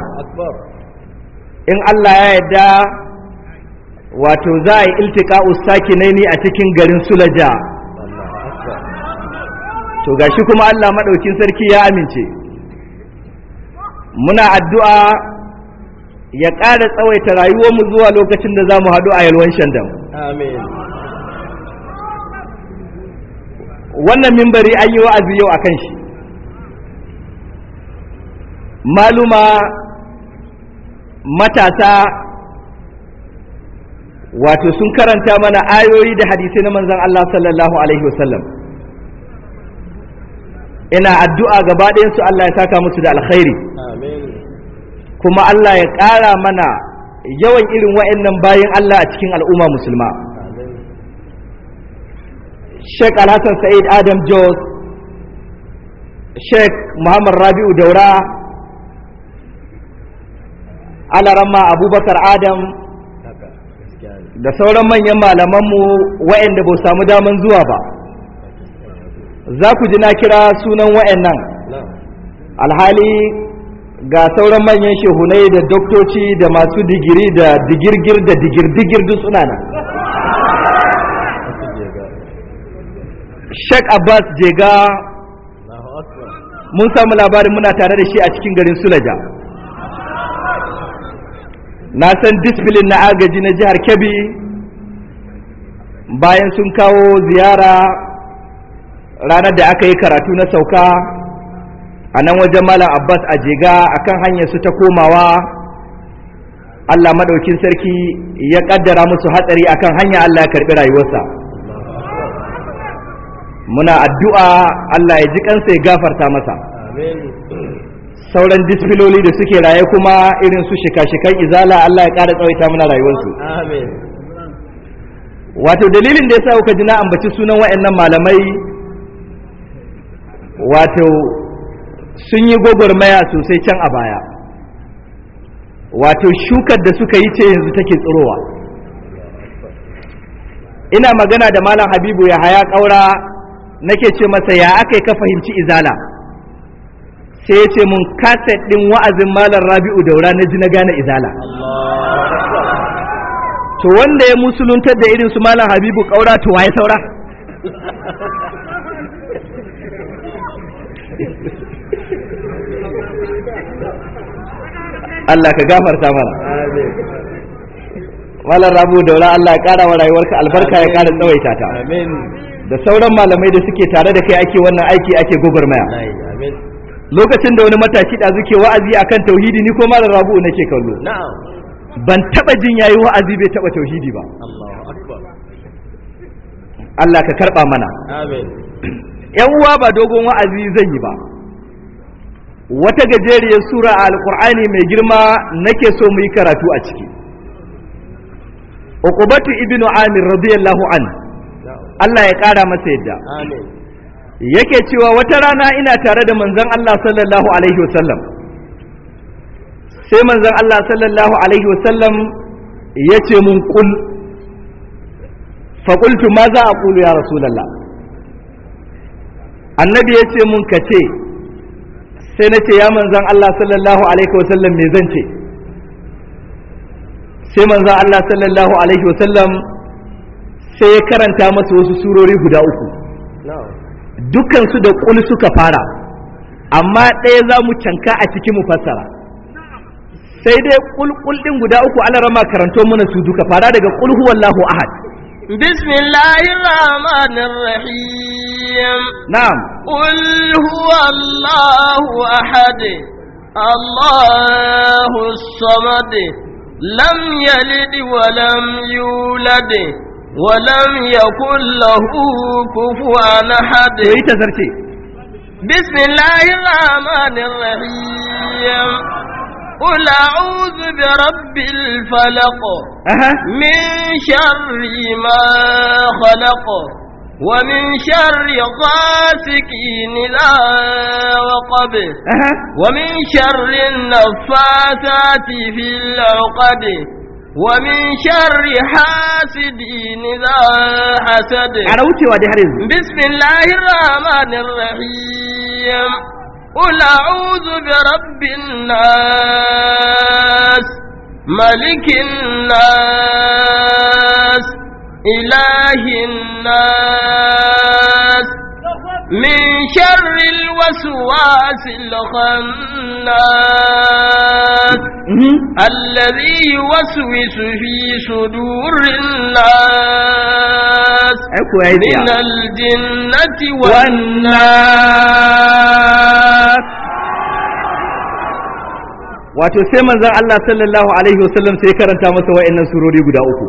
Speaker 2: in Allah ya yarda wato za a yi iltika usakinaini a cikin garin sulaja to gashi kuma Allah maɗaukin sarki ya amince muna addu'a ya ƙara tsawaita rayuwarmu zuwa lokacin da za mu haɗu a yalwan shandam wannan mimbari an yi wa'azi yau a kan shi maluma matasa wato sun karanta mana ayoyi da hadisai na manzan Allah sallallahu alaihi wasallam ina addu'a gaba ɗayansu Allah ya saka musu da alkhairi kuma Allah ya ƙara mana yawan irin wayannan bayan Allah a cikin al'umma musulma Sheikh Alhassan Sa'id Adam Jos Sheikh Muhammad Rabi'u Daura Alarama Abubakar Adam da sauran manyan malamanmu wayanda ba samu daman zuwa ba za ku ji na kira sunan wayannan alhali ga sauran manyan shehunai da doktoci da masu digiri da digirgir da digirdigir duk suna nan Sheikh Abbas Jega mun samu labarin muna tare da shi a cikin garin Sulaja na san disbilin na agaji na jihar Kebbi bayan sun kawo ziyara ranar da aka yi karatu na sauka a nan wajen Malam abbas a jiga akan hanyar su ta komawa allah maɗaukin sarki ya ƙaddara musu hatsari akan hanya allah ya karɓi rayuwarsa muna addu'a allah ya ji kansa ya gafarta masa sauran disfiloli da suke raye kuma irin su shika-shikan izala allah ya ƙara tsawaita muna rayuwarsu wato dalilin da ya sa kuka ji na ambaci sunan wa'annan malamai wato sun yi gwagwarmaya sosai can a baya wato shukar da suka yi ce yanzu take tsirowa ina magana da malam habibu ya haya ƙaura nake ce masa ya aka ka fahimci izala sai ya ce mun kaset ɗin wa'azin malam rabi'u daura na ji na gane izala to wanda ya musuluntar da irinsu su malam habibu ƙaura to waye saura Allah ka gafarta mana malar rabu daula Allah ya kara wa rayuwarka albarka ya kara tsawaita ta da sauran malamai da suke tare da kai ake wannan aiki ake gogormaya lokacin da wani matashi da zuke wa'azi akan tauhidi ni ko malar rabu nake kallo ban taba jin yayi wa'azi bai taba tauhidi ba Allah ka karba mana yan uwa ba dogon wa'azi zan yi ba wata gajeriyar sura a alkur'ani mai girma nake so mu yi karatu a ciki uqubatu ibnu amir radiyallahu an Allah ya kara masa yadda yake cewa wata rana ina tare da manzon Allah sallallahu alaihi wasallam sai manzon Allah sallallahu alaihi wasallam ya ce mun kul faƙultu ma za a ƙulu ya lalla. annabi ya ce mun ka ce sai na ce ya manzan Allah sallallahu alaihi wasallam me zan ce sai manzan Allah sallallahu alaihi wasallam sai ya karanta masa wasu surori guda uku dukansu da ƙul suka fara amma ɗaya za mu canka a cikin mu fassara sai dai ƙulƙul ɗin guda uku ana rama karanto mana su duka fara daga ƙul huwallahu ahad
Speaker 1: بسم الله الرحمن الرحيم نعم قل هو الله أحد الله الصمد لم يلد ولم يولد ولم يكن له كفوا أحد بسم الله الرحمن الرحيم قل أعوذ برب الفلق من شر ما خلق
Speaker 2: ومن شر
Speaker 1: غاسك إذا وقب ومن شر النفاثات في العقد ومن شر حاسد إذا حسد بسم الله الرحمن الرحيم قل أعوذ برب الناس ملك الناس إله الناس من شر وسواس الخناس الذي يوسوس في صدور الناس من الجنة والناس
Speaker 2: wato sai manzon Allah sallallahu alaihi wasallam sai karanta masa wa'annan surori guda uku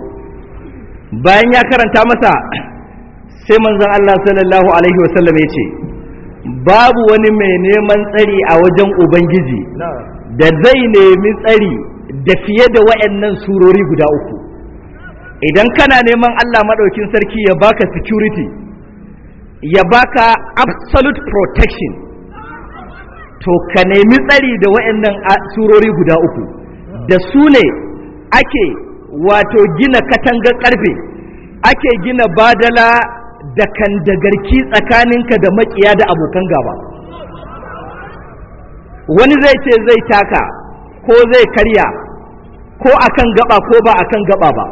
Speaker 2: bayan ya karanta masa sai manzon Allah sallallahu alaihi wasallam ya ce babu wani mai neman tsari a wajen ubangiji da zai nemi tsari da fiye da wayannan surori guda uku idan kana neman Allah maɗaukin sarki ya baka security ya baka absolute protection to ka nemi tsari da wayannan surori guda uku da su ne ake wato gina katangar ƙarfe ake gina badala da kan dagarki tsakaninka da makiya da abokan gaba wani zai ce zai taka ko zai karya ko akan gaba ko ba akan gaba ba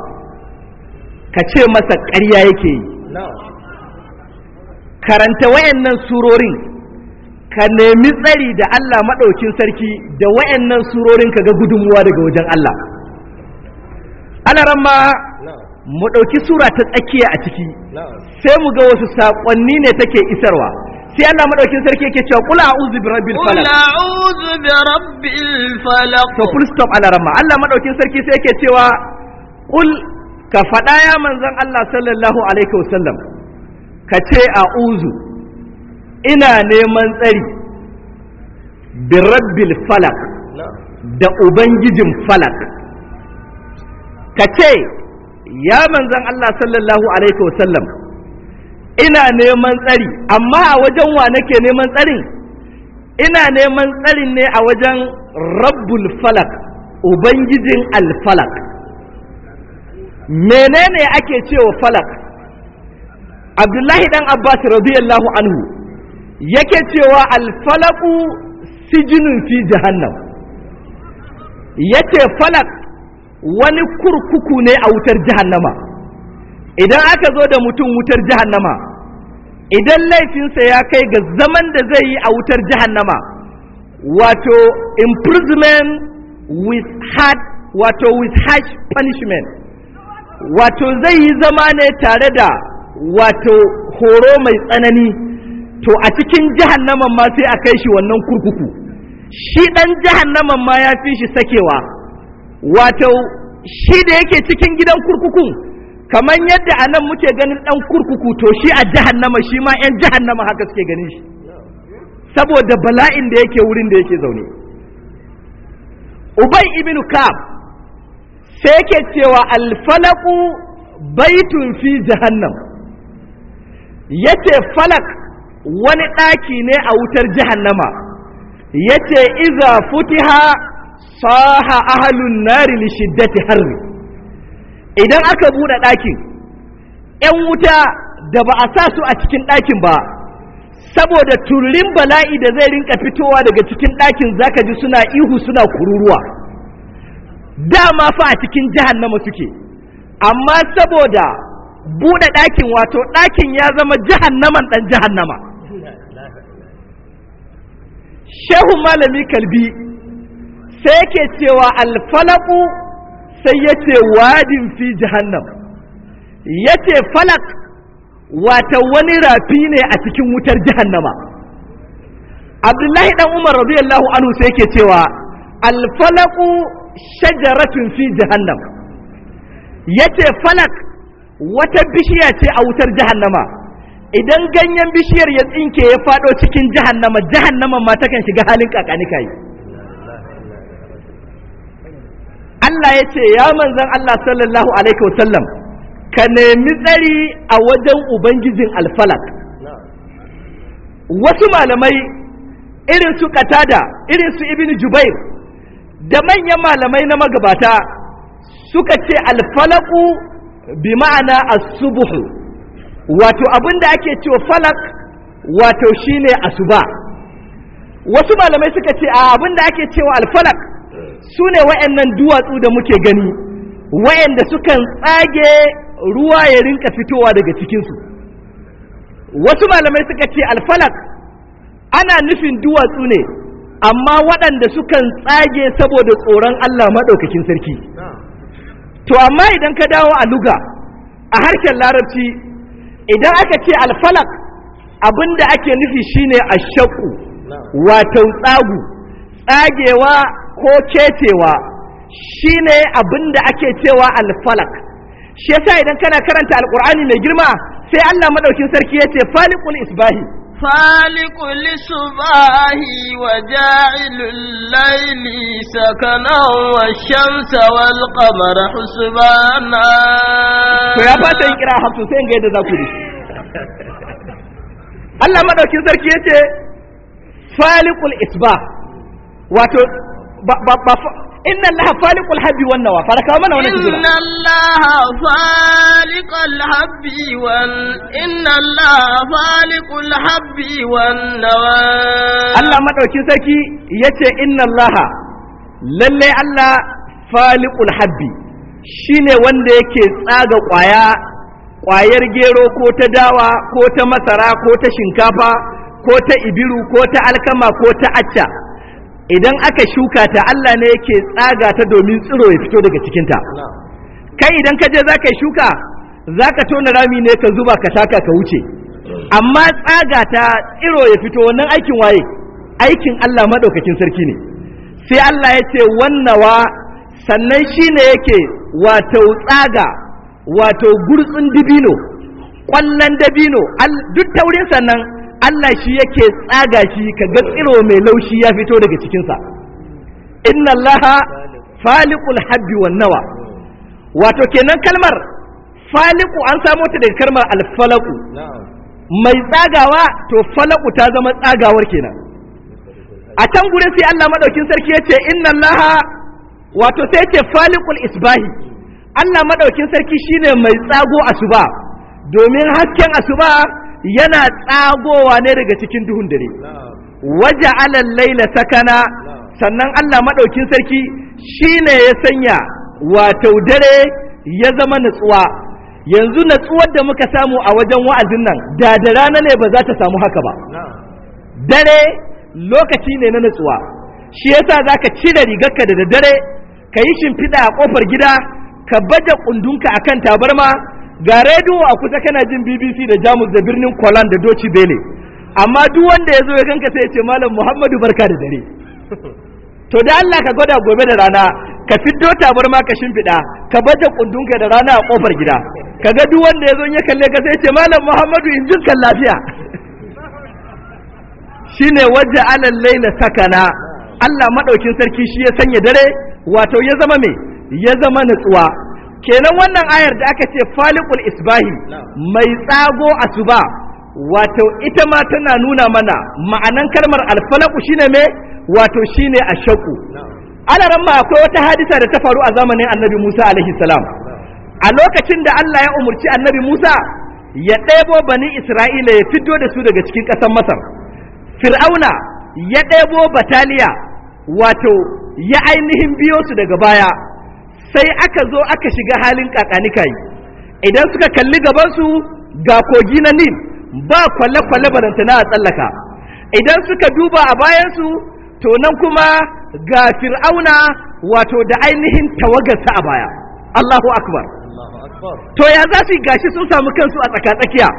Speaker 2: ka ce masa karya yake yi karanta wayannan surorin ka nemi tsari da Allah maɗaukin sarki da wayannan surorin ka ga gudunmuwa daga wajen Allah ma mu ɗauki sura ta tsakiya a ciki sai mu ga wasu saƙonni ne take isarwa sai Allah madaukin sarki yake cewa qul a'udhu bi rabbil falaq qul
Speaker 1: a'udhu bi rabbil falaq
Speaker 2: to full stop ala ramma Allah madaukin sarki sai yake cewa qul ka fada ya manzon Allah sallallahu alaihi wasallam ka ce a'udhu ina neman tsari bi rabbil falaq da ubangijin falak ka ce ya manzan Allah sallallahu alaihi wasallam ina neman tsari amma a wajen wa nake neman tsarin ina neman tsarin ne a wajen rabbul falak ubangijin alfalak menene ake cewa falak abdullahi dan abbas radiyallahu anhu yake cewa alfalaku sijinun fi jahannam yace falak wani kurkuku ne a wutar jahannama idan aka zo da mutum wutar jahannama idan laifinsa ya kai ga zaman da zai yi a wutar jahannama wato imprisonment with hard wato with harsh punishment wato zai yi zama ne tare da wato horo mai tsanani to a cikin jahannaman ma sai a kai shi wannan kurkuku shi dan jahannaman ma ya fi shi sakewa wato shi da yake cikin gidan kurkukun kamar yadda a nan muke ganin ɗan kurkuku to shi a jahannama shi ma 'yan jahannama haka suke ganin shi saboda bala'in da yake wurin da yake zaune ubay ibn kab sai yake cewa alfalaku baitun fi jahannam yace falak wani ɗaki ne a wutar jahannama yace iza futiha saha ahlun nari li shiddati harri idan aka buɗe ɗakin ‘yan wuta da ba a sa su a cikin ɗakin ba saboda turin bala'i da zai rinka fitowa daga cikin ɗakin zaka ji suna ihu suna kururuwa dama fa a cikin jahannama suke amma saboda buɗe ɗakin wato ɗakin ya zama jahannaman ɗan jahannama shehu malami kalbi sai yake cewa alfalaku sai yace ce wadin fi jahannam ya falak wata wani rafi ne a cikin wutar jahannama abdullahi dan umar radiyallahu anhu sai yake cewa alfalaku shajaratun fi jahannam ya falak wata bishiya ce a wutar jahannama idan ganyen bishiyar ya tsinke ya fado cikin jahannama jahannama ma takan shiga halin kakanikai Allah ya ce ya manzan Allah sallallahu alaihi wasallam ka nemi tsari a wajen ubangijin alfalak wasu malamai irin su katada irin su ibn jubair da manyan malamai na magabata suka ce alfalaku bi ma'ana asubuhu wato abinda ake cewa falak wato shine asuba wasu malamai suka ce a abinda ake cewa alfalak su ne wa'annan duwatsu da muke gani wa'anda sukan tsage ruwa ya rinka fitowa daga cikinsu wasu malamai suka ce alfalak ana nufin duwatsu ne amma waɗanda sukan tsage saboda tsoron Allah maɗaukakin sarki to amma idan ka dawo a luga a harshen larabci idan aka ce alfalak abinda ake nufi shine ashaku wato tsagu tsagewa ko cewa shine abin da ake cewa alfalak shi yasa idan kana karanta Alƙur'ani mai girma sai Allah madaukin sarki ya ce falikul isbahi
Speaker 1: فالق الصباح وجاعل الليل سكنا والشمس والقمر حسبانا يا فاتا يقرا حفص سين غير ذاكوري
Speaker 2: Allah maɗaukin sarki ce faliqul isbah wato إن الله فالق الحب والنوى فركا من وانا تجينا إن
Speaker 1: الله فالق الحب وال إن الله فالق الحب والنوى
Speaker 2: الله ما دوكين سكي يتي إن الله lalle Allah faliqul habbi shine wanda yake tsaga kwaya kwayar gero ko ta dawa ko ta masara ko ta shinkafa ko ta ibiru ko ta alkama ko ta acca idan aka shuka ta Allah ne yake tsaga ta domin tsiro ya fito daga cikinta kai idan ka je za ka shuka za ka tona rami ne ka zuba ka taka ka wuce amma tsaga ta tsiro ya fito wannan aikin waye aikin Allah maɗaukakin sarki ne sai Allah ya ce wannawa sannan shi ne yake wato tsaga wato gurtsun dibino, ƙwallon dabino duk taurin sannan Allah shi yake tsaga shi ka ga tsiro mai laushi ya fito daga cikinsa inna allaha faliqul habbi wan nawa wato kenan kalmar faliqu an samo ta daga kalmar alfalaku mai tsagawa to falaku ta zama tsagawar kenan a can gurin sai Allah madaukin sarki yace inna allaha wato sai yace faliqul isbahi Allah maɗaukin sarki shine mai tsago asuba domin hasken asuba yana tsagowa ne daga cikin duhun dare waje alal laila sakana sannan Allah maɗaukin sarki shine ya sanya wato dare ya zama natsuwa yanzu natsuwar da muka samu a wajen wa'azin nan da da rana ne ba za ta samu haka ba dare lokaci ne na natsuwa shi yasa zaka cire rigarka da dare, ka yi shimfiɗa a ƙofar gida ka baje ƙundunka akan tabarma ga rediyo a kusa kana jin BBC da Jamus da birnin Kolan da Doci Bele amma duk wanda ya zo ya ganka sai ya ce malam Muhammadu barka da dare to da Allah ka gwada gobe da rana ka fiddo tabarma ka shimfiɗa ka baje kundunka da rana a kofar gida ka ga duk wanda ya zo ya kalle ka sai ce malam Muhammadu in jin lafiya shine wajen alal laila sakana Allah madaukin sarki shi ya sanya dare wato ya zama me ya zama natsuwa kenan wannan ayar da aka ce falikul isbahi mai tsago asuba wato ita ma tana nuna mana ma'anan kalmar alfalaku shine me wato shine ashaku ana ramma akwai wata hadisa da ta faru a zamanin annabi Musa alaihi salam a lokacin da Allah ya umarci annabi Musa ya ɗebo bani Isra'ila ya fito da su daga cikin ƙasar Masar Fir'auna ya ɗebo bataliya wato ya ainihin biyo su daga baya sai aka zo aka shiga halin kakanika yi idan suka kalli gabansu ga kogi na nil ba kwale-kwale barantana a tsallaka idan suka duba a bayansu to nan kuma ga fir'auna wato da ainihin tawagarsa a baya Allahu akbar to ya za su gashi sun samu kansu a tsaka-tsakiya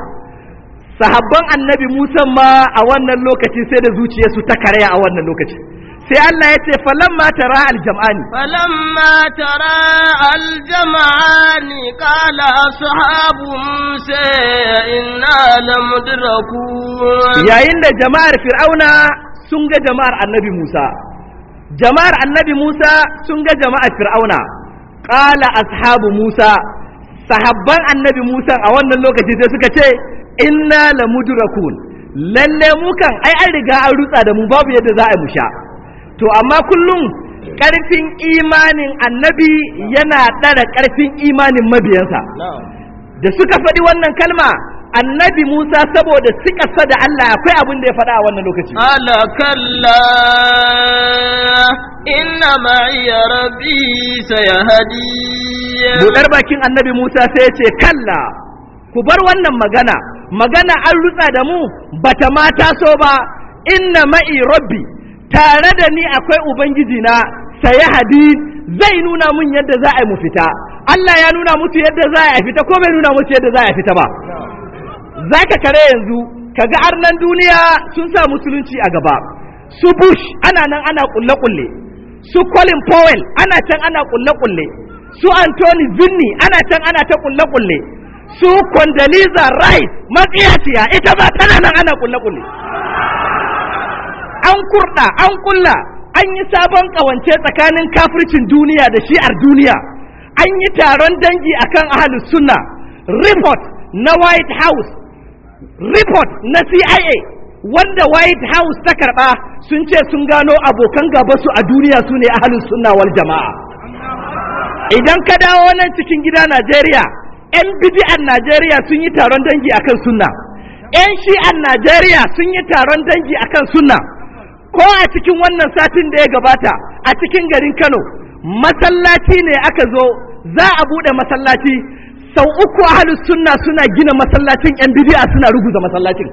Speaker 2: sahabban annabi musamman ma a wannan lokaci sai da zuciyarsu ta karaya a wannan lokaci sai Allah ya ce falamma tara aljam'ani
Speaker 1: falamma tara aljam'ani qala ashabu musa inna lamudrakun yayin
Speaker 2: da jama'ar fir'auna sun ga jama'ar annabi Musa jama'ar annabi Musa sun ga jama'ar fir'auna qala ashabu Musa sahabban annabi Musa a wannan lokaci sai suka ce inna lamudrakun lalle mu kan ai an riga an rutsa da mu babu yadda za a yi mu sha to amma kullum ƙarfin imanin annabi yana ɗara ƙarfin imanin mabiyansa da suka faɗi wannan kalma annabi Musa saboda sikarsa da Allah
Speaker 1: akwai abin da ya faɗa a wannan lokaci. Ala inna ma'iya rabbi buɗar bakin annabi Musa
Speaker 2: sai yace, ce kalla ku bar wannan magana magana an rutsa da mu bata mata so ba inna ma'i rabbi tare da ni akwai ubangiji na saye hadid zai nuna mun yadda za a yi mu fita Allah ya nuna musu yadda za a fita ko bai nuna musu yadda za a fita ba za ka kare yanzu ka ga arnan duniya sun sa musulunci a gaba su bush ana nan ana kulle kulle su colin powell ana can ana kulle kulle su anthony zinni ana can ana ta kulle kulle su condoleezza rice matsiyaciya ita ba tana nan ana kulle kulle an kurɗa an kulla an yi sabon ƙawance tsakanin kafircin duniya da shi'ar duniya an yi taron dangi akan ahalus sunna report na white house report na cia wanda white house ta karɓa sun ce sun gano abokan gaba su a duniya su ne ahalus sunna wal jama'a idan ka dawo nan cikin gida najeriya 'yan bidi'an najeriya sun yi taron dangi akan sunna 'yan shi'an najeriya sun yi taron dangi akan sunna ko a cikin wannan satin da ya gabata a cikin garin Kano masallaci ne aka zo za a bude masallaci sau uku ahlus sunna suna gina masallacin yan bidiya suna ruguza masallacin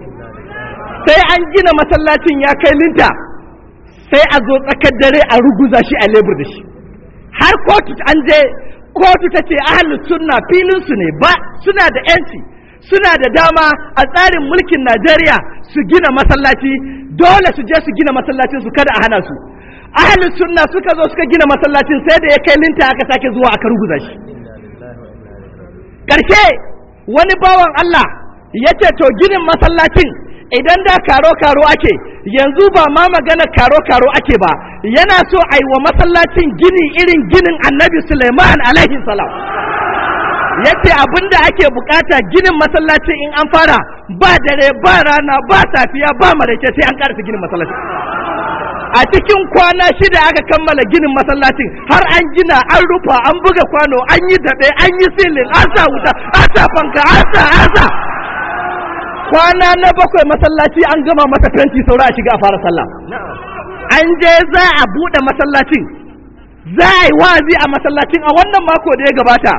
Speaker 2: sai an gina masallacin ya kai linta sai a zo tsakar dare a ruguza shi a lebur da shi har kotu an je kotu ta ce ahlus sunna filin su ne ba suna da yanci suna da dama a tsarin mulkin Najeriya su gina masallaci dole su je su gina masallacin su kada a hana su ahalin sunna suka zo suka gina masallacin sai da ya kai linta aka sake zuwa aka ruguza shi karshe wani bawan Allah ya ce to ginin masallacin idan da karo-karo ake yanzu ba ma magana karo-karo ake ba yana so a yi wa masallacin gini irin ginin annabi Suleiman alaihi salam yace abinda ake bukata ginin masallaci in an fara ba dare ba rana ba safiya ba maraice sai an karasa ginin masallaci a cikin kwana shida aka kammala ginin masallacin har an gina an rufa an buga kwano an yi daɗe an yi silin an sa wuta an sa fanka an sa an sa kwana na bakwai masallaci an gama masa fenti saura a shiga a fara sallah an je za a buɗe masallacin za a yi wazi a masallacin a wannan mako da ya gabata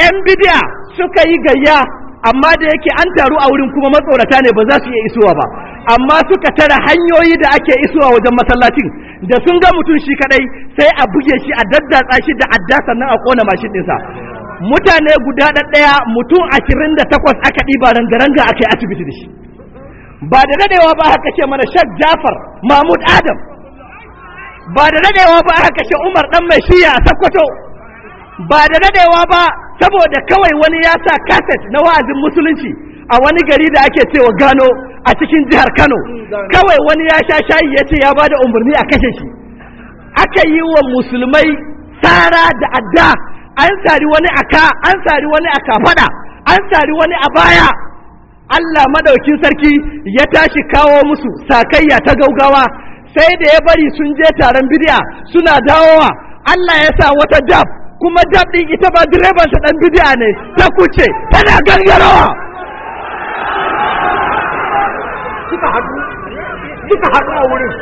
Speaker 2: 'yan bidiya suka yi gayya amma da yake an taru a wurin kuma matsorata ne ba za su iya isowa ba amma suka tara hanyoyi da ake isowa wajen masallacin da sun ga mutum shi kaɗai sai a buge shi a daddatsa shi da adda sannan a kona mashin ɗinsa. mutane guda ɗaya mutum ashirin da takwas aka ɗiba rangaranga aka yi asibiti da shi ba da daɗewa ba haka ce mana shak jafar mahmud adam ba da daɗewa ba haka ce umar ɗan mai shiya a sakkwato ba da nadewa ba saboda kawai wani ya sa kaset na wa'azin musulunci a wani gari da ake cewa gano a cikin jihar kano kawai wani ya sha shayi ya ce ya ba da umarni a kashe shi aka yi wa musulmai tsara da adda an sari wani a ka an sari wani a kafada an sari wani a baya Allah madaukin sarki ya tashi kawo musu sakayya ta gaugawa sai da ya bari sun je taron bidiya suna dawowa Allah ya sa wata dab kuma daɗin ita ba direbansa ɗan bidiya ne ta kuce tana gangarawa
Speaker 3: suka haɗu a wurin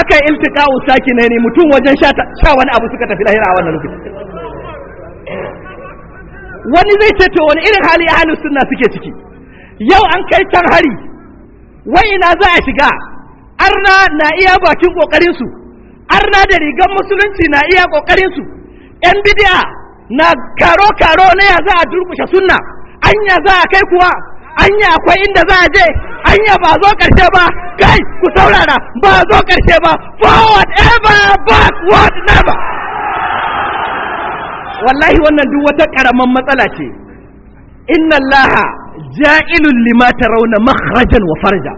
Speaker 2: aka yi iltika usaki ne ne mutum wajen sha wani abu suka tafi lahira a wannan lokaci wani zai ce to wani irin hali ahli sunna suke ciki yau an kai can hari wai ina za a shiga arna na iya bakin kokarin su arna da rigar musulunci na iya kokarin su yan bidiya na karo karo na ya za a durkushe sunna anya za a kai kuwa anya akwai inda za a je anya ba zo karshe ba kai ku saurara ba zo karshe ba forward ever backward never wallahi wannan duk wata karaman matsala ce inna allaha ja'ilul lima tarawna makhrajan wa farja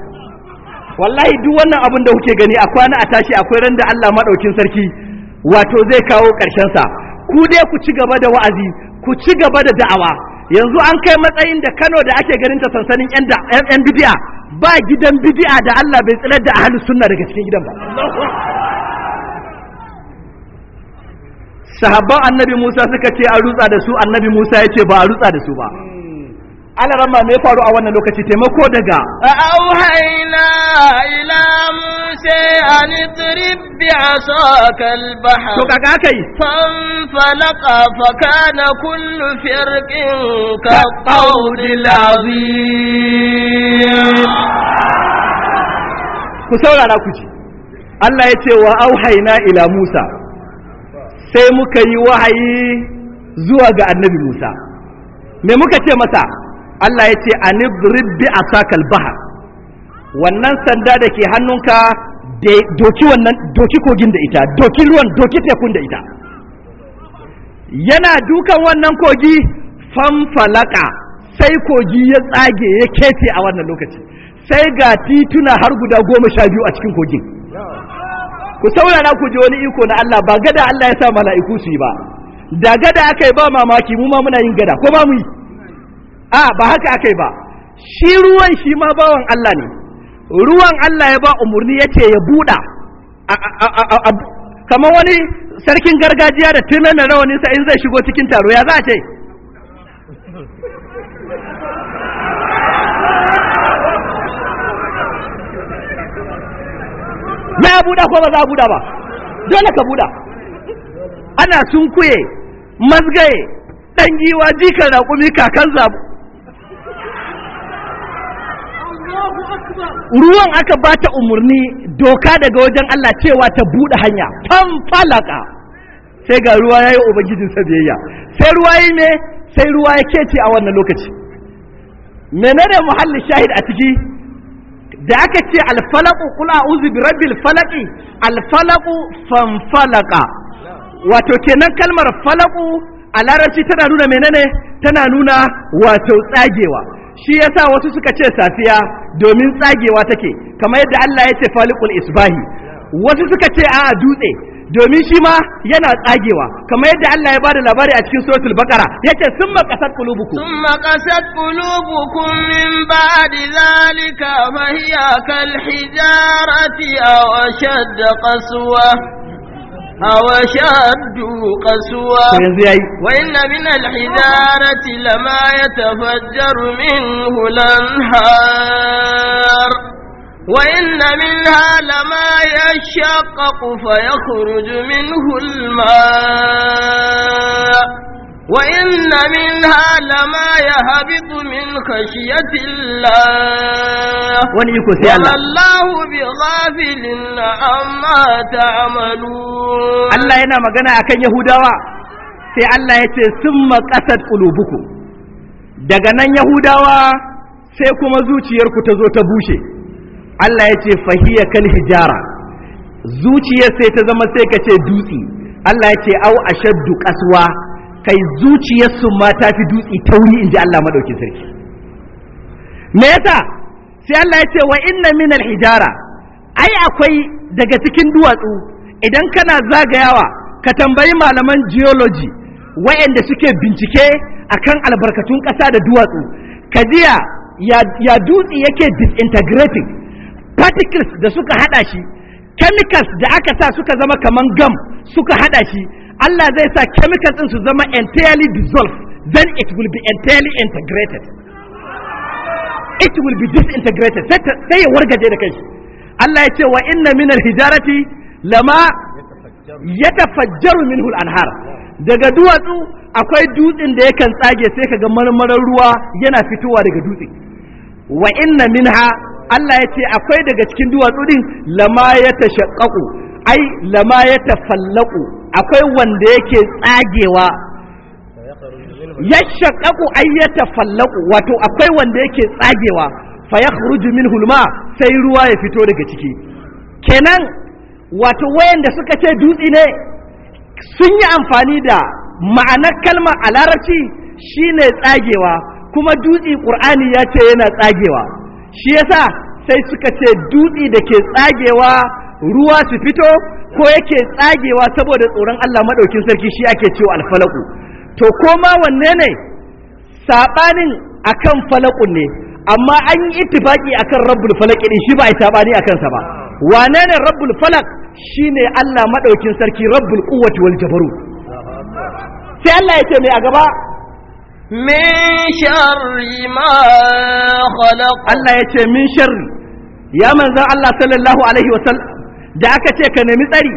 Speaker 2: wallahi duk wannan abin da kuke gani a kwana a tashi akwai ran da Allah madaukin sarki wato zai kawo karshen sa ku dai ku ci gaba da wa'azi ku ci gaba da da'awa yanzu an kai matsayin da Kano da ake ganin ta sansanin yan bidiya ba gidan bidiya da Allah bai tsirar da ahlus sunna daga cikin gidan ba sahabban annabi Musa suka ce a rutsa da su annabi Musa ya ce ba a rutsa da su ba ala ramma me faru a wannan lokaci taimako daga
Speaker 1: auhaina ila musa an idrib bi asaka al bahr to kaga kai fan falaqa fa kana kullu firqin ka qawdil azim
Speaker 2: ku saurara ku ji Allah ya ce wa auhaina ila musa sai muka yi wahayi zuwa ga annabi musa me muka ce masa Allah ya ce a bi a sakal baha wannan sanda da ke hannunka doki wannan doki kogin da ita doki ruwan doki tekun da ita yana dukan wannan kogi fanfalaka sai kogi ya tsage ya kece a wannan lokaci sai ga tituna har guda goma sha biyu a cikin kogin ku saurara ku ji wani iko na Allah ba gada Allah ya sa mala'iku su yi ba da gada aka yi ba mamaki mu ma muna yin gada ko ba mu yi a ba haka akai ba shi ruwan shi ma bawan Allah ne ruwan Allah ya ba umarni ya ce ya buɗa kamar wani sarkin gargajiya da tunan da rawani sa in zai shigo cikin taro ya za a ce na ya buɗa ko ba za a buɗa ba dole ka buɗa ana sunkuye mazgaye ɗan giwa jikan raƙumi kakan zabu ruwan aka ba ta umarni doka daga wajen Allah cewa ta buɗe hanya tan falaka sai ga ruwa ya yi ubangijinsa biyayya sai ruwa yi ne sai ruwa ya kece a wannan lokaci ne muhallin shahid a ciki da aka ce alfalaku kula uzu bi rabbil falaki alfalaku fanfalaka wato kenan kalmar falaku a larabci tana nuna menene tana nuna wato tsagewa shi yasa wasu suka ce safiya domin tsagewa take kamar yadda Allah ya ce faliqul isbahi wasu suka ce a'a dutse domin shi ma yana tsagewa kamar yadda Allah ya bada labari a cikin suratul baqara yace summa
Speaker 1: qasat qulubukum summa qasat qulubukum min ba'di zalika fa hiya kal hijarati aw ashad qaswa أو قسوة وإن من الحجارة لما يتفجر منه الأنهار وإن منها لما يشقق فيخرج منه الماء
Speaker 2: وإن منها لما
Speaker 1: يهبط من خشية الله وما الله بغافل عما تعملون
Speaker 2: الله ينا مغنى أكن يهوداوا sai Allah ya ce sun maƙasar ƙulubuku daga nan Yahudawa sai kuma zuciyarku ta zo ta bushe Allah ya ce fahiyya kan hijara zuciyar sai ta zama sai ka ce dutse Allah ya ce au shaddu ƙaswa kai zuciyarsu ma ta fi dutse tauri in ji Allah madaukin sarki me yasa sai Allah ya ce wa inna min hijara ai akwai daga cikin duwatsu idan kana zagayawa ka tambayi malaman geology wayanda suke bincike akan albarkatun ƙasa da duwatsu kadiya ya dutse yake disintegrating particles da suka hada shi chemicals da aka sa suka zama kaman gam suka hada shi Allah zai sa chemicals din su zama entirely dissolved then it will be entirely integrated it will be disintegrated sai ya wargaje da kai Allah ya ce wa inna min hijarati lama yatafajjaru minhu al-anhar daga duwatsu akwai dutsen da yakan tsage sai kaga marmarar ruwa yana fitowa daga dutse wa inna minha Allah ya ce akwai daga cikin duwatsu din lama ya ai lama ya akwai wanda yake tsagewa ya shaƙaƙu ayyata fallaku wato akwai wanda yake tsagewa fa ya min hulma sai ruwa ya fito daga ciki kenan wato wayanda suka ce dutse ne sun yi amfani da ma'anar kalmar a larabci shine tsagewa kuma dutse ƙur'ani ya ce yana tsagewa shi yasa sai suka ce dutse da ke tsagewa ruwa su fito ko yake tsagewa saboda tsoron Allah madaukin sarki shi ake cewa alfalaku to ko ma wanne ne sabanin akan falakun ne amma an yi ittifaki akan rabbul falaki din shi ba a sabani akan sa ba wane ne rabbul falak shine Allah madaukin sarki rabbul quwwati wal jabarut sai Allah ya ce mai a gaba min sharri ma khalaq Allah ya ce min sharri ya manzon Allah sallallahu alaihi wasallam da aka ce ka nemi tsari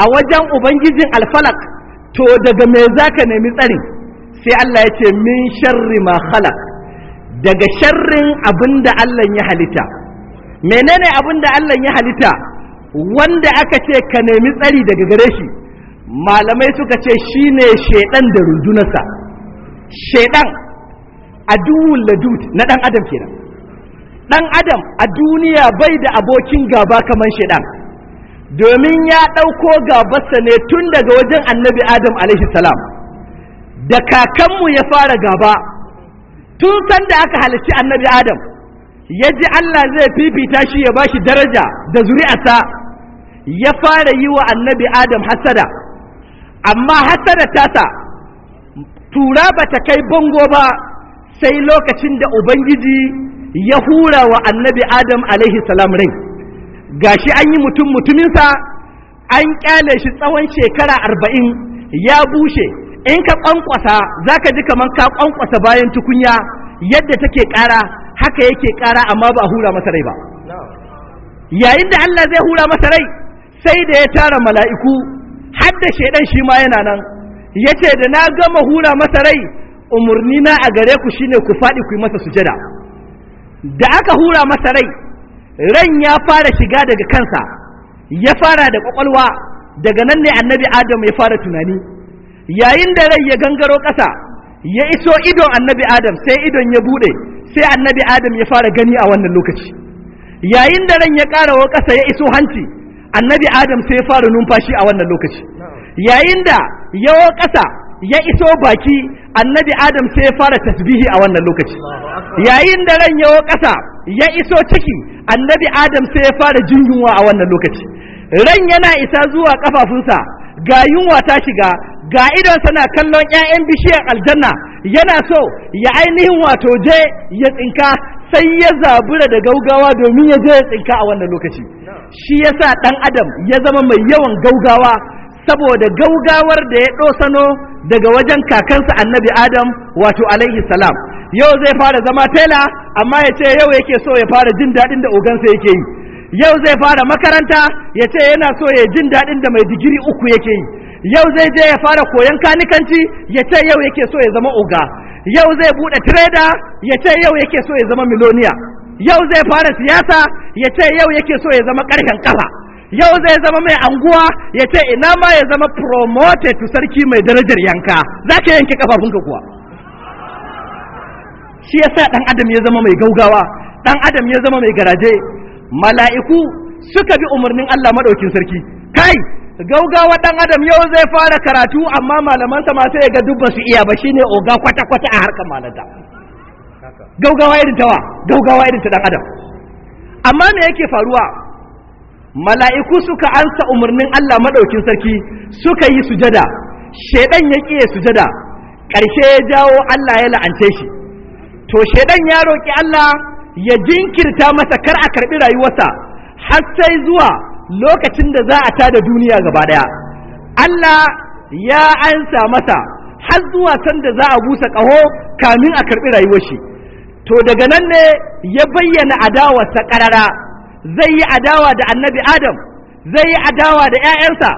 Speaker 2: a wajen ubangijin alfalak to daga me za ka nemi tsarin sai Allah ya ce min sharri ma khalaq daga sharrin abinda Allah ya halitta menene abinda Allah ya halitta wanda aka ce ka nemi tsari daga gare shi malamai suka ce shine shedan da rundunarsa shedan aduwul ladud na dan adam kenan ɗan adam a duniya bai da abokin gaba kamar ɗan, domin ya ɗauko gabarsa ne tun daga wajen annabi adam alaihi salam da kakanmu ya fara gaba tun sanda aka halarci annabi adam ya ji allah zai fifita shi ya bashi daraja da zuri'arsa ya fara yi wa annabi adam hasada amma hasada tasa tura ba ta kai bango ba sai lokacin da ubangiji ya hura wa annabi adam alaihi salam rai gashi an yi mutum mutuminsa an kyale shi tsawon shekara arba'in ya bushe in ka kwankwasa za ka ji kamar ka kwankwasa bayan tukunya yadda take kara haka yake kara amma ba hura masa rai ba yayin da Allah zai hura masa rai sai da ya tara mala'iku har da shaidan shi ma yana nan yace da na gama hura masa rai na a gare ku shine ku faɗi ku yi masa sujada da aka hura masa rai ran ya fara shiga daga kansa ya fara da kwakwalwa daga nan ne annabi adam ya fara tunani yayin da rai ya gangaro ƙasa ya iso idon annabi adam sai idon ya bude sai annabi adam ya fara gani a wannan lokaci yayin da ran ya wa ƙasa ya iso hanci annabi adam sai ya fara numfashi a wannan lokaci yayin da yawo ƙasa ya iso baki annabi adam sai ya fara tasbihi a wannan lokaci yayin da ran yawo ƙasa ya iso ciki annabi adam sai ya fara jin a wannan lokaci ran yana isa zuwa kafafunsa ga yunwa ta shiga ga idon na kallon 'ya'yan bishiyar aljanna yana so ya ainihin wato je ya tsinka sai ya zabura da gaugawa domin ya je ya tsinka a wannan lokaci shi yasa dan adam ya zama mai yawan gaugawa saboda gaugawar da ya ɗosano daga wajen kakansa annabi adam wato alaihi salam yau zai fara zama tela amma ya ce yau yake so ya fara jin daɗin da ogansa yake yi yau zai fara makaranta ya ce yana so ya jin daɗin da mai digiri uku yake yi yau zai je ya fara koyon kanikanci ya ce yau yake so ya zama oga yau zai buɗe tireda ya ce yau yake so ya zama miloniya yau zai fara siyasa ya ce yau yake so ya zama ƙarshen ƙafa yau zai zama mai anguwa ya ce ina ma ya zama promoted to sarki mai darajar yanka za ka yanke kafafunka kuwa shi yasa dan adam ya zama mai gaugawa dan adam ya zama mai garaje mala'iku suka bi umarnin Allah madaukin sarki kai gaugawa dan adam yau zai fara karatu amma malamansa masu ya ga duk basu iya ba shine oga kwata kwata a harkar malata gaugawa irin tawa gaugawa irin ta dan adam amma me yake faruwa mala'iku suka ansa umarnin Allah maɗaukin sarki suka yi sujada shaidan ya ƙiye sujada ƙarshe ya jawo Allah ya la'ance shi to shaidan ya roƙi Allah ya jinkirta masa kar a karɓi rayuwarsa har sai zuwa lokacin da za a da duniya gaba ɗaya Allah ya ansa masa har zuwa sanda za a busa ƙaho kamin a karɓi rayuwar shi to daga nan ne ya bayyana adawarsa ƙarara zai yi adawa da annabi adam zai yi adawa da 'ya'yansa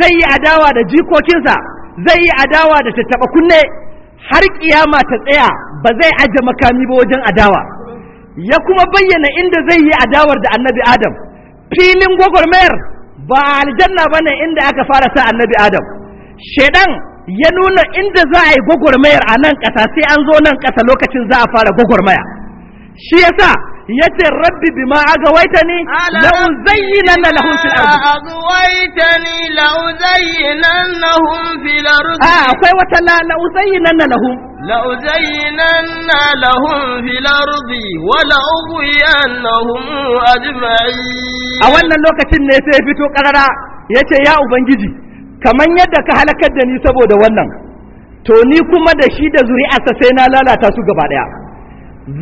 Speaker 2: zai yi adawa da jikokinsa zai yi adawa da tattaɓa kunne har ƙiyama ta tsaya ba zai aje makami ba wajen adawa ya kuma bayyana inda zai yi adawar da annabi adam filin gwagwarmayar ba aljanna ba ne inda aka fara sa annabi adam shaidan ya nuna inda za a yi gwagwarmayar a nan ƙasa sai an zo nan ƙasa lokacin za a fara gwagwarmaya shi yasa yace rabbi bima agawaitani la uzayyinanna lahum fil ardi
Speaker 1: agawaitani la uzayyinannahum fil ardi ah akwai
Speaker 2: wata la la uzayyinanna lahum
Speaker 1: la uzayyinanna lahum fil ardi wa la ughwiyannahum ajma'i
Speaker 2: a wannan lokacin ne sai fito karara yace ya ubangiji kaman yadda ka halakar da ni saboda wannan to ni kuma da shi da zuri'arsa sai na lalata su gaba daya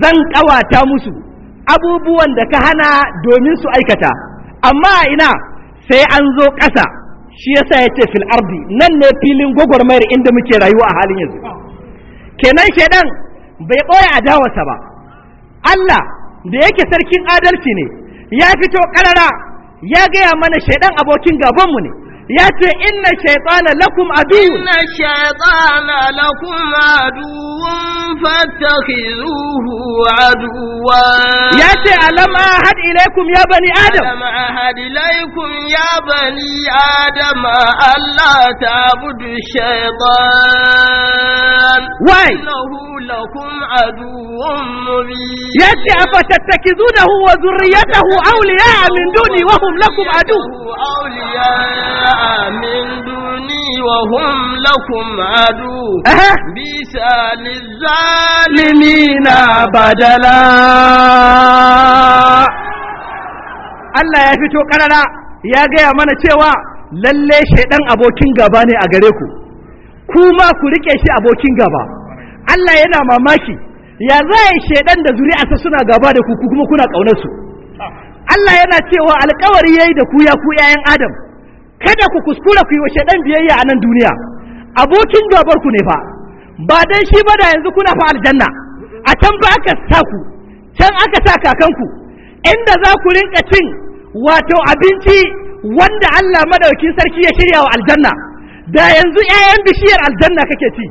Speaker 2: zan kawata musu abubuwan da ka hana domin su aikata amma ina sai an zo ƙasa shi yasa ya ce fil ardi nan ne filin gwagwarmayar inda muke rayuwa a halin yanzu kenan shedan bai ɓoye adawarsa ba Allah da yake sarkin adalci ne ya fito ƙarara ya gaya mana shaidan abokin gabanmu ne
Speaker 1: ya ce inna shaitana lakum aduwun inna shaitana lakum aduwun fattakhizuhu aduwa ya ce alam ahad ilaikum ya bani adam alam ahad ilaikum ya bani adam Allah ta'budu shaitan why innahu lakum aduwun mubin ya ce afatattakhizunahu wa zurriyatahu awliya min duni wa hum lakum adu awliya شاء من دوني وهم لكم عدو بيس للظالمين بدلا
Speaker 2: Allah ya fito ƙarara, ya gaya mana cewa lalle shaidan abokin gaba ne a gare ku kuma ku rike shi abokin gaba Allah yana mamaki ya za yi shaidan da zuri'arsa suna gaba da ku kuma kuna ƙaunarsu Allah yana cewa alkawari yayi da ku ya ku 'ya'yan Adam kada ku kuskura ku yi wa shaidan biyayya a nan duniya abokin gabar ku ne fa ba dan shi ba da yanzu kuna fa aljanna a can ba aka sa ku can aka sa kakanku inda za ku rinka cin wato abinci wanda Allah madaukin sarki ya shirya wa aljanna da yanzu 'ya'yan bishiyar aljanna kake ci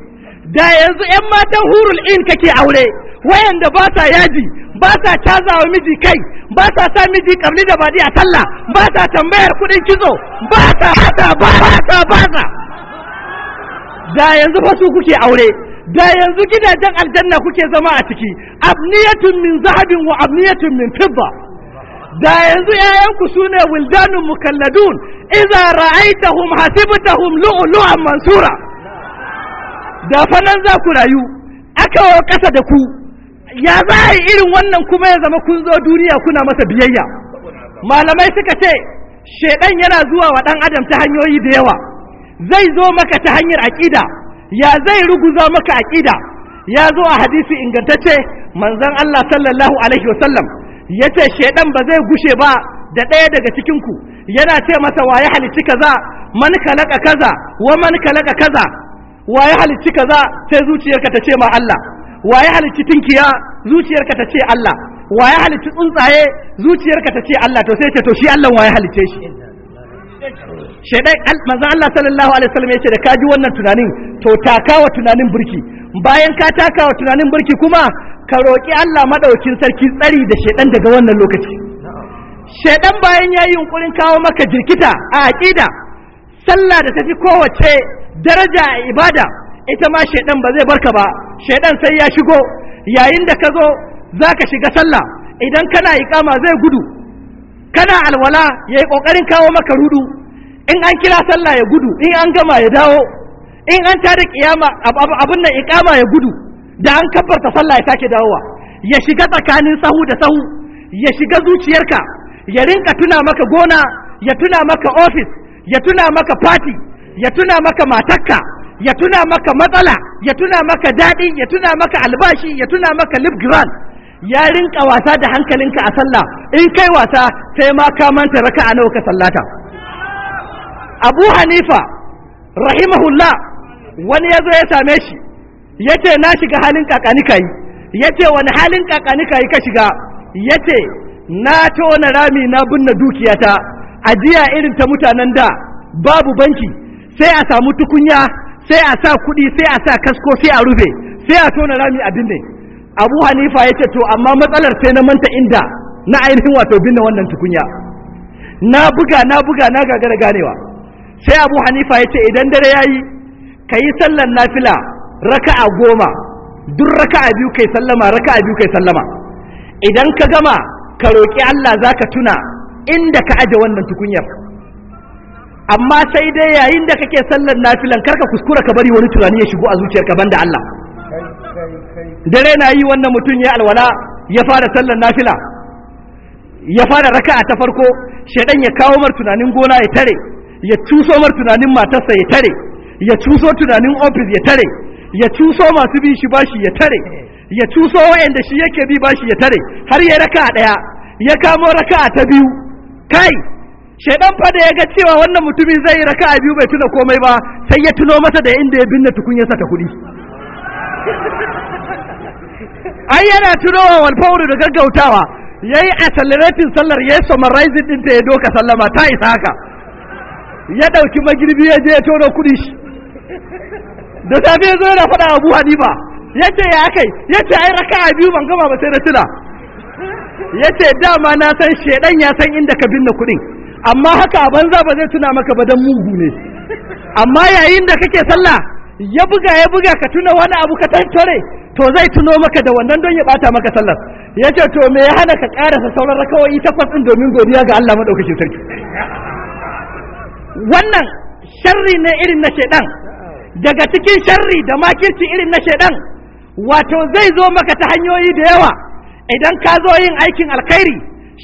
Speaker 2: da yanzu 'yan matan hurul in kake aure wayanda ba sa yaji ba sa caza wa miji kai ba sa sa miji kamni da badi a talla ba sa tambayar kudin kitso ba sa hata ba sa ba sa da yanzu fa su kuke aure da yanzu gidajen aljanna kuke zama a ciki abniyatun min zahabin wa abniyatun min fidda da yanzu yayanku sune wildanun mukalladun idza ra'aitahum hasibtahum lu'lu'an mansura da fa nan za ku rayu aka wa kasa da ku ya za a yi irin wannan kuma ya zama kun zo duniya kuna masa biyayya malamai suka ce shaidan yana zuwa wa ɗan adam ta hanyoyi da yawa zai zo maka ta hanyar aƙida ya zai ruguza maka aƙida ya zo a hadisi ingantacce manzon Allah sallallahu alaihi wasallam ya ce shaidan ba zai gushe ba da ɗaya daga cikinku yana ce masa wa ya halicci kaza man kalaka kaza wa man kalaka kaza wa ya halicci kaza sai zuciyarka ta ce ma Allah wa ya halicci tinkiya zuciyarka ta ce Allah wa ya halicci tsuntsaye zuciyarka ta ce Allah to sai ce to shi Allah wa ya halicce shi shaidai manzo Allah sallallahu alaihi wasallam yace da ji wannan tunanin to takawa tunanin burki bayan ka takawa tunanin burki kuma ka roki Allah madaukin sarki tsari da shedan daga wannan lokaci shedan bayan yayi yunkurin kawo maka jirkita a aqida sallah da tafi kowace daraja a ibada ita ma shaidan ba zai barka ba shaidan sai ya shigo yayin da ka zo za ka shiga sallah idan kana iƙama zai gudu kana alwala ya yi ƙoƙarin kawo maka rudu in an kira sallah ya gudu in an gama ya dawo in an tada kiyama abin nan iƙama ya gudu da an kabbarta sallah ya sake dawowa ya shiga tsakanin sahu da sahu ya shiga zuciyarka ya rinka tuna maka gona ya tuna maka ofis ya tuna maka fati ya tuna maka matakka ya tuna maka matsala ya tuna maka daɗi ya tuna maka albashi ya tuna maka lifgiran ya rinka wasa da hankalinka a sallah in kai wasa sai ma ka manta raka'a nawa ka sallata abu hanifa rahimahullah wani ya zo ya same shi ya ce na shiga halin kakanika yi ya ce wani halin kakanika yi ka shiga ya ce na tona rami na binne dukiyata ajiya irin ta mutanen da babu banki sai a samu tukunya sai a sa kuɗi sai a sa kasko sai a rufe sai a tona rami a binne abu hanifa ya ce to amma matsalar sai na manta inda na ainihin wato binne wannan tukunya na buga na buga na gagara ganewa sai abu hanifa ya ce idan dare ya yi ka yi sallar nafila a goma duk raka a biyu kai sallama raka a biyu kai sallama idan ka gama ka roƙi allah za ka tuna inda ka aje wannan tukunyar amma sai dai yayin da kake sallar nafilan karka kuskura ka bari wani tunani ya shigo a zuciyarka banda Allah dare na yi wannan mutum ya alwala ya fara sallar nafila ya fara raka'a ta farko shaidan ya kawo mar tunanin gona ya tare ya cuso mar tunanin matarsa ya tare ya cuso tunanin ofis ya tare ya cuso masu bi shi bashi ya tare ya cuso wayanda shi yake bi bashi ya tare har ya raka'a daya ya kamo raka'a ta biyu kai shaidan fa da ya ga cewa wannan mutumin zai yi raka'a biyu bai tuna komai ba sai ya tuno masa da inda ya binne tukunyarsa ta kuɗi
Speaker 3: [laughs]
Speaker 2: ai yana wa walfauru da gaggautawa ya yi accelerating sallar ya yi summarizing ɗinta ya doka sallama ta isa haka ya ɗauki magirbi ya je ya tono kuɗi da safe ya zo yana faɗa abu hanifa ya ce ya kai ya ce ai raka'a biyu ban gama ba sai na tuna ya ce dama na san shaidan ya san inda ka binne kuɗin amma haka a banza ba zai tuna maka ba dan mugu ne amma yayin da kake sallah ya buga ya buga ka tuna wani abu ka tantore to zai tuno maka da wannan don ya bata maka sallar ya ce to me ya hana ka karasa sauran rakawai takwas ɗin domin godiya ga Allah madaukakin sarki wannan sharri ne irin na shaidan daga cikin sharri da makirci irin na shaidan wato zai zo maka ta hanyoyi da yawa idan ka zo yin aikin alkhairi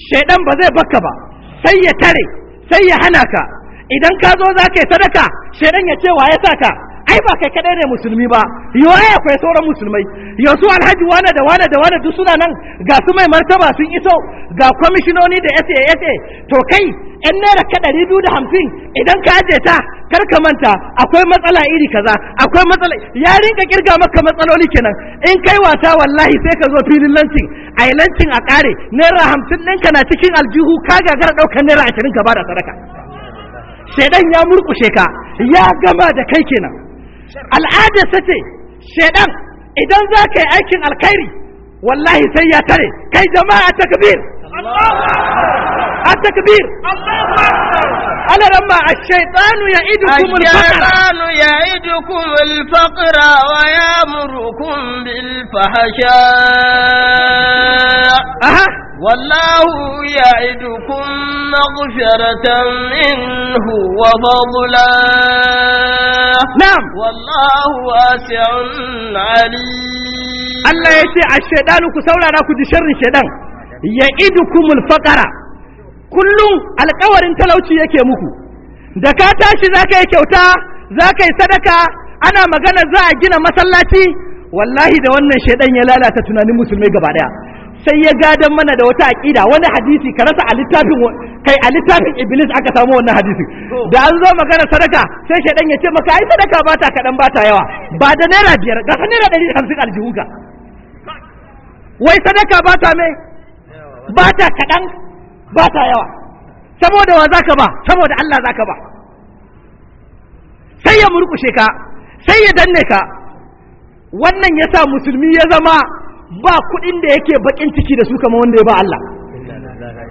Speaker 2: shaidan ba zai baka ba sai ya tare sai ya hana ka idan ka zo za ka yi sadaka shaidan ya ce wa ya sa ka ai ba kai kadai ne musulmi ba yo ai akwai sauran musulmai su alhaji wane da wane da wane duk suna nan ga su mai martaba sun iso ga kwamishinoni da SASA to kai yan naira ka ɗari biyu da hamsin idan ka aje ta kar ka manta akwai matsala iri kaza akwai matsala ya rinka kirga maka matsaloli kenan in kai wata wallahi sai ka zo filin lancin a yi lancin a ƙare naira hamsin ɗinka na cikin aljihu ka gagara ɗaukar naira ashirin ka ba da sadaka shaidan ya murƙushe ka ya gama da kai kenan al'adar ta ce shedan idan za ka yi aikin alkhairi wallahi sai ya tare kai jama'a takbir
Speaker 1: التكبير على لما الشيطان يعدكم الفقر الشيطان يعدكم الفقر ويامركم بالفحشاء أه. والله يعدكم مغفرة منه وفضلا نعم والله واسع
Speaker 2: عليم الله يشي الشيطان كسولا ناكو شر الشيطان يعدكم الفقر kullum alkawarin talauci yake muku da ka tashi za ka yi kyauta za ka yi sadaka ana magana za a gina masallaci wallahi da wannan shaidan ya lalata tunanin musulmai gaba daya sai ya gadon mana da wata aƙida wani hadisi ka rasa a littafin kai a littafin iblis aka samu wannan hadisi da an zo magana sadaka sai shaidan ya ce maka ai sadaka ba ta kaɗan ba ta yawa ba da naira biyar ga naira ɗari hamsin ka wai sadaka ba ta mai ba ta kaɗan ba ta yawa saboda wa zaka ba saboda Allah zaka ba sai ya murkushe ka sai ya danne ka wannan ya sa musulmi ya zama ba kuɗin da yake bakin ciki da su kama wanda ya ba Allah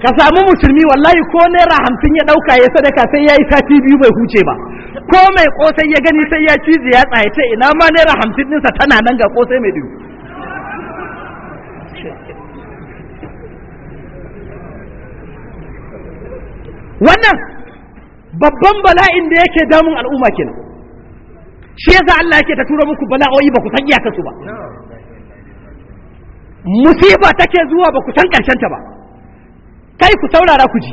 Speaker 2: ka samu musulmi wallahi ko naira hamsin ya ɗauka ya sadaka sai ya yi sati biyu bai huce ba ko mai ƙosai ya gani sai ya cizi ya tsaye ce ina ma naira hamsin ɗinsa tana nan ga ƙosai mai biyu wannan babban bala'in da yake damun al'umma kenan shi yasa Allah yake ta tura muku bala'o'i ba ku san iyakarsu ba musiba take zuwa ba ku san karshen ta ba kai ku saurara ku ji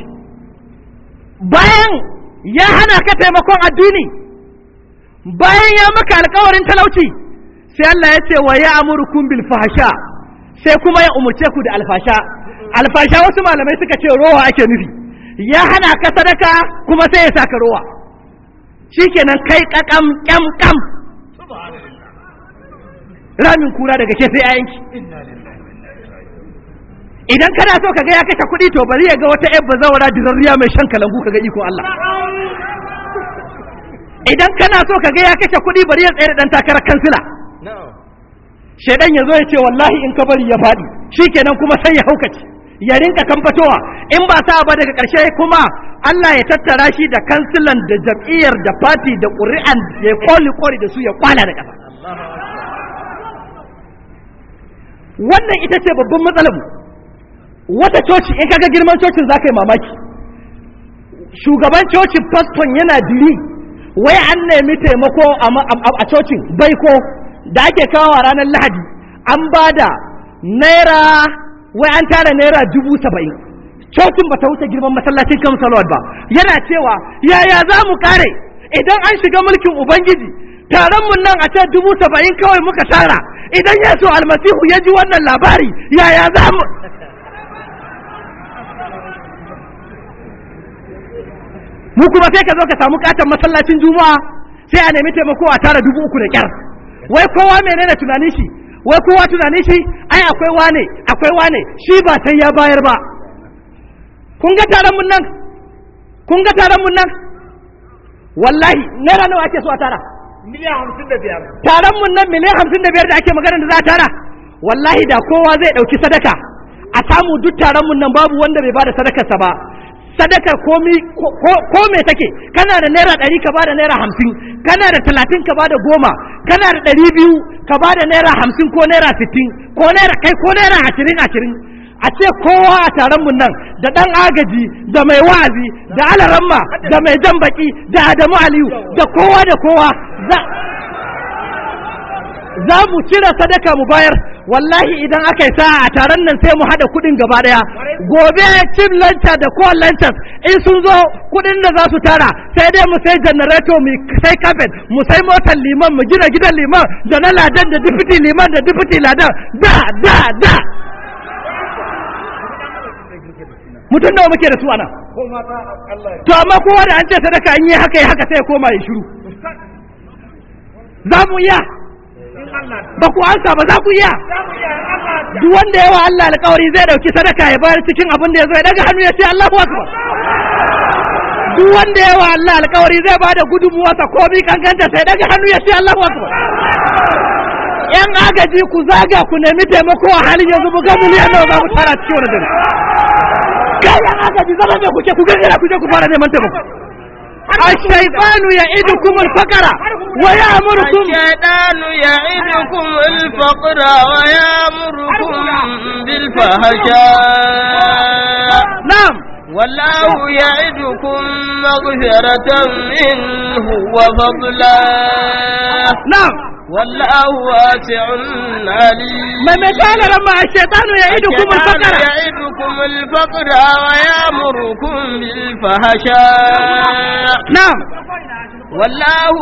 Speaker 2: bayan ya hana ka taimakon addini bayan ya maka alkawarin talauci sai Allah ya ce wa ya amurkum bil fahsha sai kuma ya umurce ku da alfasha alfasha wasu malamai suka ce rowa ake nufi ya hana ka sadaka kuma sai ya saka rowa kenan kai kakam kyam kam ramin kura daga ke sai ayanki idan kana so ka ga ya kashe kuɗi to bari ya ga wata yabba zawara dizarriya mai shan kalangu ka ga iko Allah idan kana so ka ga ya kashe kuɗi bari ya tsere dan takarar kansila shaidan ya zo ya ce wallahi in ka bari ya faɗi shikenan kuma sai ya haukace ya rinka kamfatowa in ba sa ba daga ƙarshe kuma Allah ya tattara shi da kansilan da jam'iyyar da fati da ƙuri'an da ya koli koli da su ya kwala da ƙasa wannan ita ce babban matsalar wata coci in kaga girman cocin za ka yi mamaki shugaban cocin faston yana diri wai an nemi taimako a cocin baiko da ake kawo ranar lahadi an ba da naira wai an tara naira dubu saba'in cocin ba ta wuce girman masallacin kan salawat ba yana cewa yaya za mu kare idan an shiga mulkin ubangiji taron mun nan a ce dubu saba'in kawai muka tara idan ya so almasihu ya ji wannan labari yaya za mu [laughs] mu kuma sai ka zo ka samu katon masallacin juma'a sai a nemi taimako a tara dubu uku da kyar wai kowa menene tunanin shi wai kowa tunanin shi ai akwai wane akwai wane shi ba sai ya bayar ba kun ga taron mun nan kun ga taron mun nan wallahi naira nawa ake so a tara
Speaker 3: miliyan hamsin da biyar
Speaker 2: taron mun nan miliyan hamsin da biyar da ake magana da za a tara wallahi da kowa zai ɗauki sadaka a samu duk taron mun nan babu wanda bai bada sadakarsa ba sadaka ko me take kana da naira ɗari ka bada naira hamsin kana da talatin ka bada goma kana da ɗari biyu ka bada naira hamsin ko naira sittin ko naira kai ko naira ashirin ashirin a ce kowa a taron mun nan da ɗan agaji da mai wa'azi da alaramma da mai jan baki da adamu aliyu da kowa da kowa za za mu cire sadaka mu bayar wallahi idan aka yi sa'a a taron nan sai mu haɗa kuɗin gaba ɗaya gobe cin lanta da ko lanta in sun zo kuɗin da za su tara sai dai mu sai janareto mu sai kafet mu sai motar liman mu gina gidan liman da na ladan da dubiti liman da dubiti ladan da da da mutum da muke da su ana to amma kowa da an ce sadaka an yi haka ya haka sai ya koma ya shiru za mu iya ba ku ansa ba za ku iya duk wanda yawa Allah alƙawari zai dauki sadaka ya bayar cikin abin da ya zo ya daga hannu ya ce Allahu akbar duk wanda yawa Allah alƙawari zai bada gudunmuwarsa ko bi kankanta sai daga hannu ya ce Allahu akbar yan agaji ku zaga ku nemi taimako a halin yanzu mu ga miliyan nawa za ku tara cikin wani dare ga yan agaji zama da kuke ku gangara ku je ku fara neman taimako الشيطان
Speaker 1: يعدكم الفقر ويأمركم الشيطان يعدكم الفقر ويأمركم بالفحشاء نعم والله يعدكم مغفرة منه وفضلا نعم والله واسع عليم من قال لما الشيطان يعدكم الفقر يعدكم الفقر ويامركم بالفحشاء نعم والله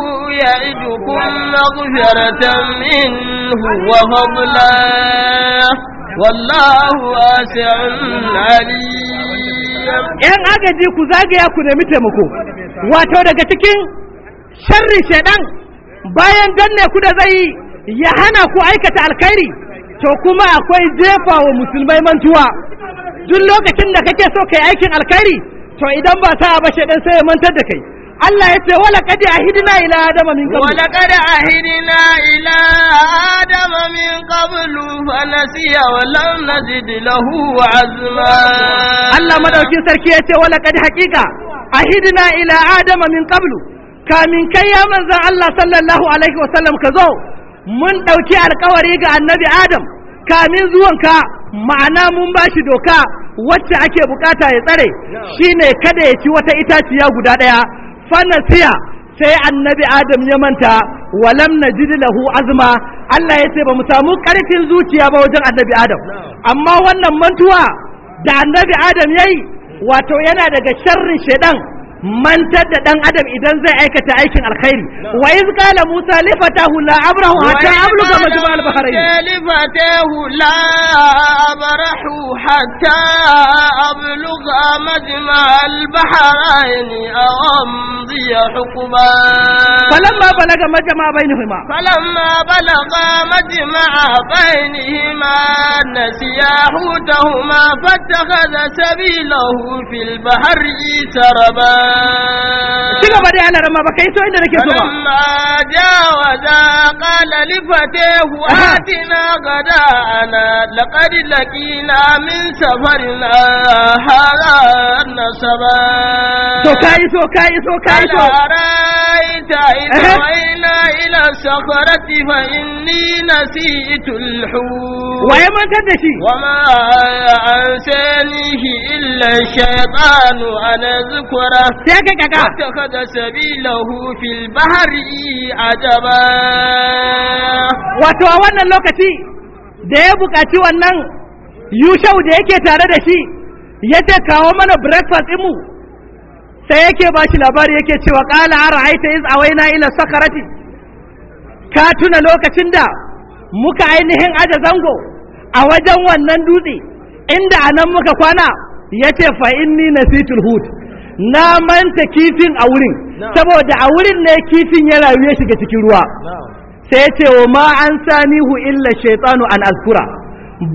Speaker 1: يعدكم مغفرة منه وفضلا والله واسع عليم
Speaker 2: إن أجدي كزاجي أكون متمكو واتو daga cikin sharri shedan bayan danne ku da zai ya hana ku aikata alkhairi to kuma akwai jefa wa musulmai mantuwa duk lokacin da kake so kai aikin alkhairi to idan ba ta ba shedan sai ya mantar da kai Allah ya ce wala qad ahidina ila adama min qablu wala qad ahidina
Speaker 1: ila adama min qablu fa nasiya wa lam nazid lahu azma Allah madaukin
Speaker 2: sarki ya ce wala qad haqiqa ahidina ila adama min qablu kamin kai ya manzan Allah sallallahu alaihi wasallam ka zo mun ɗauki alkawari ga annabi Adam kamin zuwanka ma'ana mun ba shi doka wacce ake bukata ya tsare shine kada ya ci wata itaciya guda ɗaya fanasiya sai annabi Adam ya manta walam najid lahu azma Allah ya ce ba mu samu karfin zuciya ba wajen annabi Adam amma wannan mantuwa da annabi Adam yayi wato yana daga sharrin shedan mantar da ɗan adam idan zai aikata aikin alkhairi wa iz qala musa li fatahu la abrahu hatta abluga majma al bahrain
Speaker 1: li fatahu la abrahu hatta abluga majma al bahrain aw amdi hukuma falamma
Speaker 2: balaga majma bainahuma
Speaker 1: falamma balaga majma bainahuma nasiya hutahuma fattakhadha sabilahu fil bahri saraba ci gaba da yalar ma baka yi so inda nake so ba amma jawaza qala li fatahu atina gada ana laqad laqina min safarina hala nasaba to kai so kai so kai so araita ita waina ila safarati fa inni nasitu al-hut wa ya mantar da shi wa ma ansanihi illa shaytanu an zikra sai ka kaka sabilahu fil bahari ajaba
Speaker 2: wato a wannan lokaci da ya bukaci wannan yushau da yake tare da shi ya ce kawo mana breakfast imu sai yake ba shi labari yake cewa kala ara ra'aita iz na ila sakarati ka tuna lokacin da muka ainihin aja zango a wajen wannan dutse inda a nan muka kwana ya ce fa inni nasitul hut na manta kifin a wurin saboda a wurin ne kifin ya rayu ya shiga cikin ruwa sai ya ce wa ma an sanihu illa shaitanu an azkura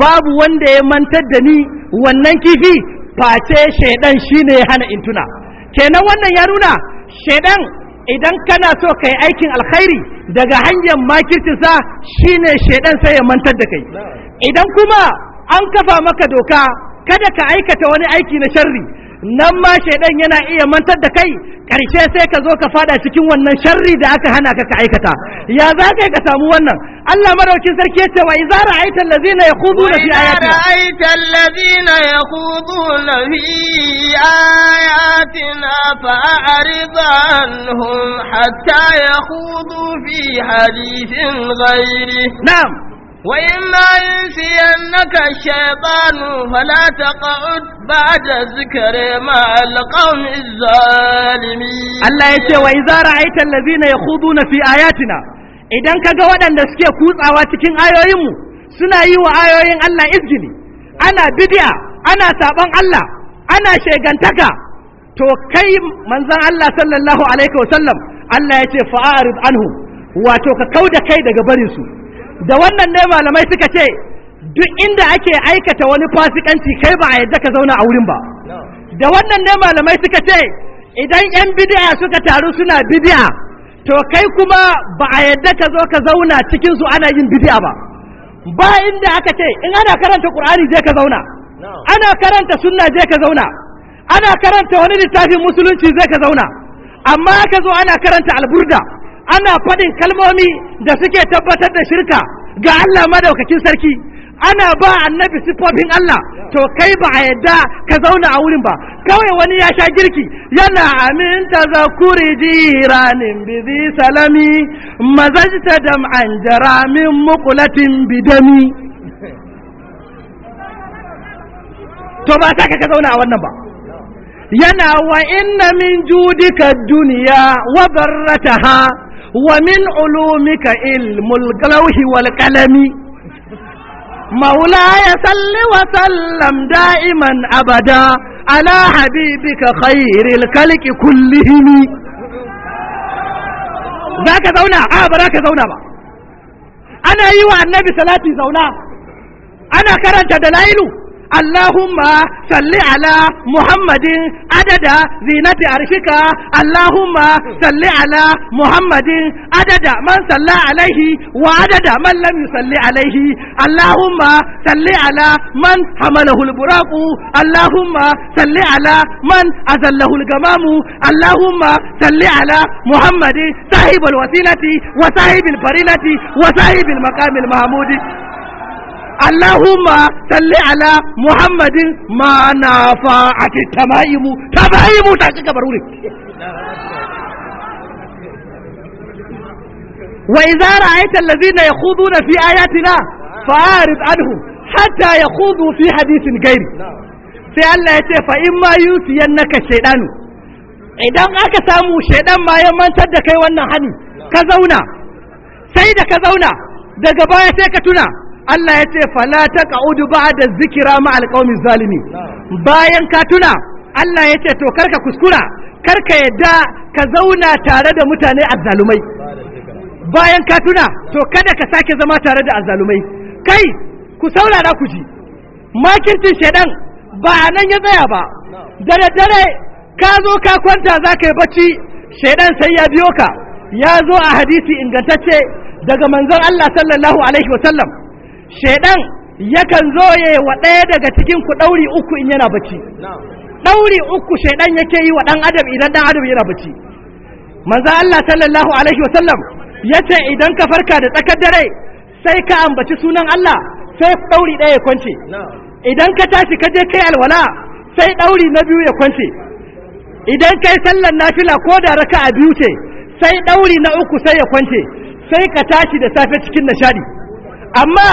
Speaker 2: babu wanda ya mantar da ni wannan kifi face shaidan shine ya hana in tuna kenan wannan ya nuna shaidan idan kana so ka yi aikin alkhairi daga hanyar sa shine shaidan sai ya mantar da kai idan kuma an kafa maka doka kada ka aikata wani aiki na sharri nan ma shaidan yana iya mantar da kai ƙarshe sai ka zo ka fada cikin wannan sharri da aka hana ka ka aikata ya za ka samu wannan Allah madaukin sarki yace wa idza
Speaker 1: ra'aita allazina yakhuduna fi ayatina ra'aita allazina yakhuduna fi ayatina fa'rid anhum hatta yakhudu fi hadithin ghairi na'am وإما ينسينك الشيطان فلا تقعد بعد الذكر مع القوم الظالمين الله يشي
Speaker 2: وإذا رأيت الذين يخوضون في آياتنا إذا كجا ودن دسكي كوز أواتكين آيوهم سنا يو آيوهم الله إذجني أنا بدعة أنا تابان الله أنا شيغانتكا to kai manzon Allah sallallahu alaihi wasallam Allah ya ce fa'arid anhum wato ka kauda kai daga barin su da wannan ne malamai suka ce duk inda ake aikata wani fasikanci kai ba a yadda ka zauna a wurin ba da wannan ne malamai suka ce idan yan bidiya suka taru suna bidiya to kai kuma ba a yadda ka zo ka zauna cikin su ana yin bidiya ba ba inda aka ce in ana karanta qur'ani je ka zauna ana karanta sunna je ka zauna ana karanta wani littafin musulunci je ka zauna amma aka zo ana karanta alburda ana faɗin kalmomi da suke tabbatar da shirka ga Allah madaukakin sarki ana ba annabi sifofin Allah to kai ba a yadda ka zauna a wurin ba kawai wani ya sha girki yana amin tazakuri jiranin bizi salami mazajta dam'an jaramin mukulatin bidami to ba ta ka zauna a wannan ba yana wa inna min judika duniya wa barrataha wa min ulumika ilmul galauhi wal kalami مولاي صل وسلم دائما أبدا على حبيبك خير الكلك كلهم ذاك زونا آه براك زونا با أنا أيوة النبي صلاتي زونا أنا كرنت دلائله Allahumma salli ala Muhammadin adada zinati arshika Allahumma salli ala Muhammadin adada man salla alaihi wa adada man lam yusalli alaihi Allahumma salli ala man hamalahu al-buraqu salli ala man azallahu al-gamamu Allahumma salli ala Muhammadin sahibul wasilati wa sahibin farinati wa sahibin makamin mahmudi Allahumma salli ala Muhammadin ma na fa'ati tamaimu tamaimu ta kika bar wurin wa idza ra'aita allazina yakhuduna fi ayatina fa'arid anhum hatta yakhudu fi hadithin gairi sai Allah ya ce fa in ma yusiyannaka shaydanu idan aka samu shaydan ma ya mantar da kai wannan hani ka zauna sai da ka zauna daga baya sai ka tuna Allah ya ce fala ba da zikira ma alqaumiz zalimi bayan ka tuna Allah ya ce to karka kuskura karka yadda ka zauna tare da mutane azzalumai bayan ka tuna to kada ka sake zama tare da azzalumai kai ku saurara ku ji makircin shedan ba a nan ya tsaya ba dare dare ka zo ka kwanta za ka yi bacci shedan sai ya biyo ka ya zo a hadisi ingantacce daga manzon Allah sallallahu alaihi wasallam shaidan yakan zo ya wa ɗaya daga cikin ku ɗauri uku in yana bacci ɗauri uku shaidan yake yi wa ɗan adam idan ɗan adam yana bacci manzo Allah sallallahu alaihi wasallam yace idan ka farka da tsakar dare sai ka ambaci sunan Allah sai ɗauri ɗaya ya kwance idan ka tashi ka je kai alwala sai ɗauri na biyu ya kwance idan kai sallar nafila ko da raka a biyu ce sai ɗauri na uku sai ya kwance sai ka tashi da safe cikin nishadi amma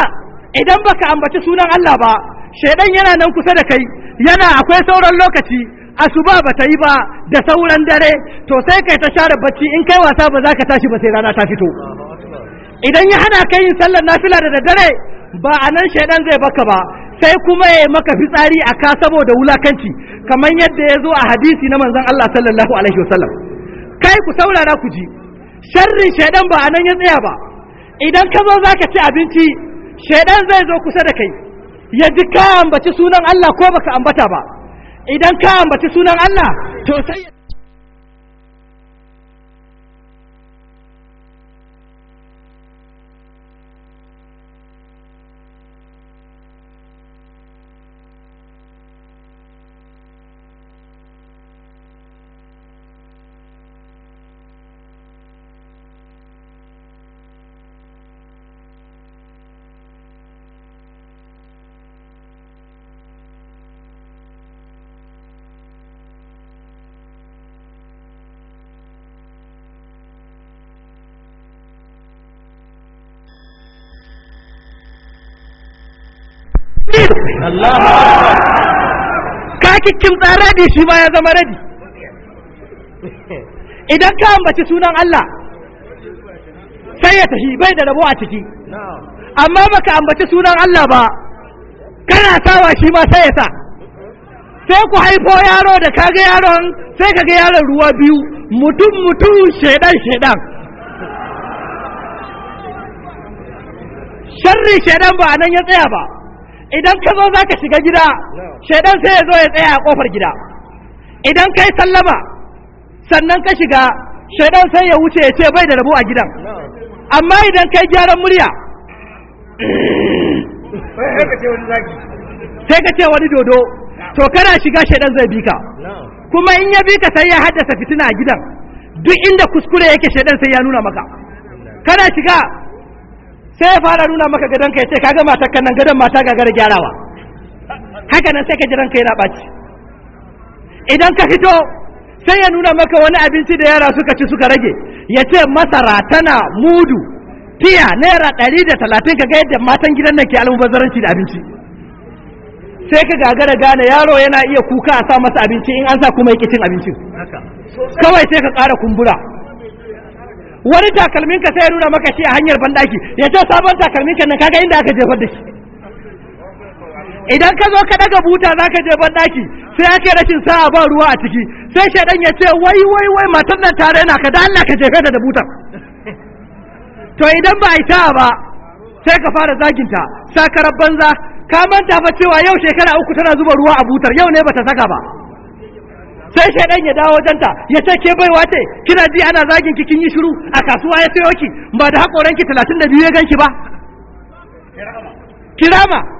Speaker 2: idan baka ambaci sunan Allah ba shaidan yana nan kusa da kai yana akwai sauran lokaci asuba ba ta yi ba da sauran dare to sai kai ta share bacci in kai wasa ba za ka tashi ba sai rana ta fito idan ya hana kai yin sallar nafila da daddare ba a nan shaidan zai baka ba sai kuma ya maka fitsari a ka saboda wulakanci kamar yadda ya zo a hadisi na manzon Allah sallallahu alaihi wasallam kai ku saurara ku ji sharrin shaidan ba a nan ya tsaya ba idan ka zo za ka ci abinci shaidan zai zo kusa da kai ya ji ka ambaci sunan Allah ko baka ambata ba idan ka ambaci sunan Allah to sai ka tsara da shi ma ya zama radi [laughs] idan ka ambaci sunan Allah sai ya tafi bai da rabo a ciki amma baka ambaci sunan Allah ba kana sawa shi ma sai ya sa sai ku haifo yaro da kaga yaron sai kaga yaron ruwa biyu mutum mutum shedan shedan sharri shedan ba nan ya tsaya ba idan ka zo za ka shiga gida shaidan sai ya zo ya tsaya a kofar gida idan ka yi sallama sannan ka shiga shaidan sai ya wuce ya ce bai da rabu a gidan amma idan ka yi gyaran murya sai ka ce wani dodo to kana shiga shaidan zai bi ka kuma in ya bi ka sai ya haddasa fitina a gidan duk inda kuskure yake shaidan sai ya nuna maka kana shiga sai ya fara nuna maka gadon ka ya ce kaga matar kan nan gadon mata gagara gyarawa haka nan sai ka ji ranka yana ɓaci idan ka fito sai ya nuna maka wani abinci da yara suka ci suka rage ya ce masara tana mudu tiya naira ɗari da talatin ka ga yadda matan gidan nan ke almubazzaranci da abinci sai ka gagara gane yaro yana iya kuka a sa masa abinci in an sa kuma ya cin abincin kawai sai ka ƙara kumbura wani takalmin ka sai ya nuna maka shi a hanyar banɗaki, ya ce sabon takalmin ka nan kaga inda aka jefar da shi idan ka zo ka daga buta za ka je bandaki sai ake rashin sa'a ba ruwa a ciki sai shaidan ya ce wai wai wai matan nan tare na ka da Allah ka jefe da buta to idan ba a yi sa'a ba sai ka fara zaginta sakarar banza ka manta fa cewa yau shekara uku tana zuba ruwa a butar yau ne bata saka ba sai ɗan ya dawo wajenta ya ce ke baiwa ce kina ji ana zagin ki kin yi shiru a kasuwa ya sayo ki ba da talatin da biyu ya ganki ba
Speaker 3: kirama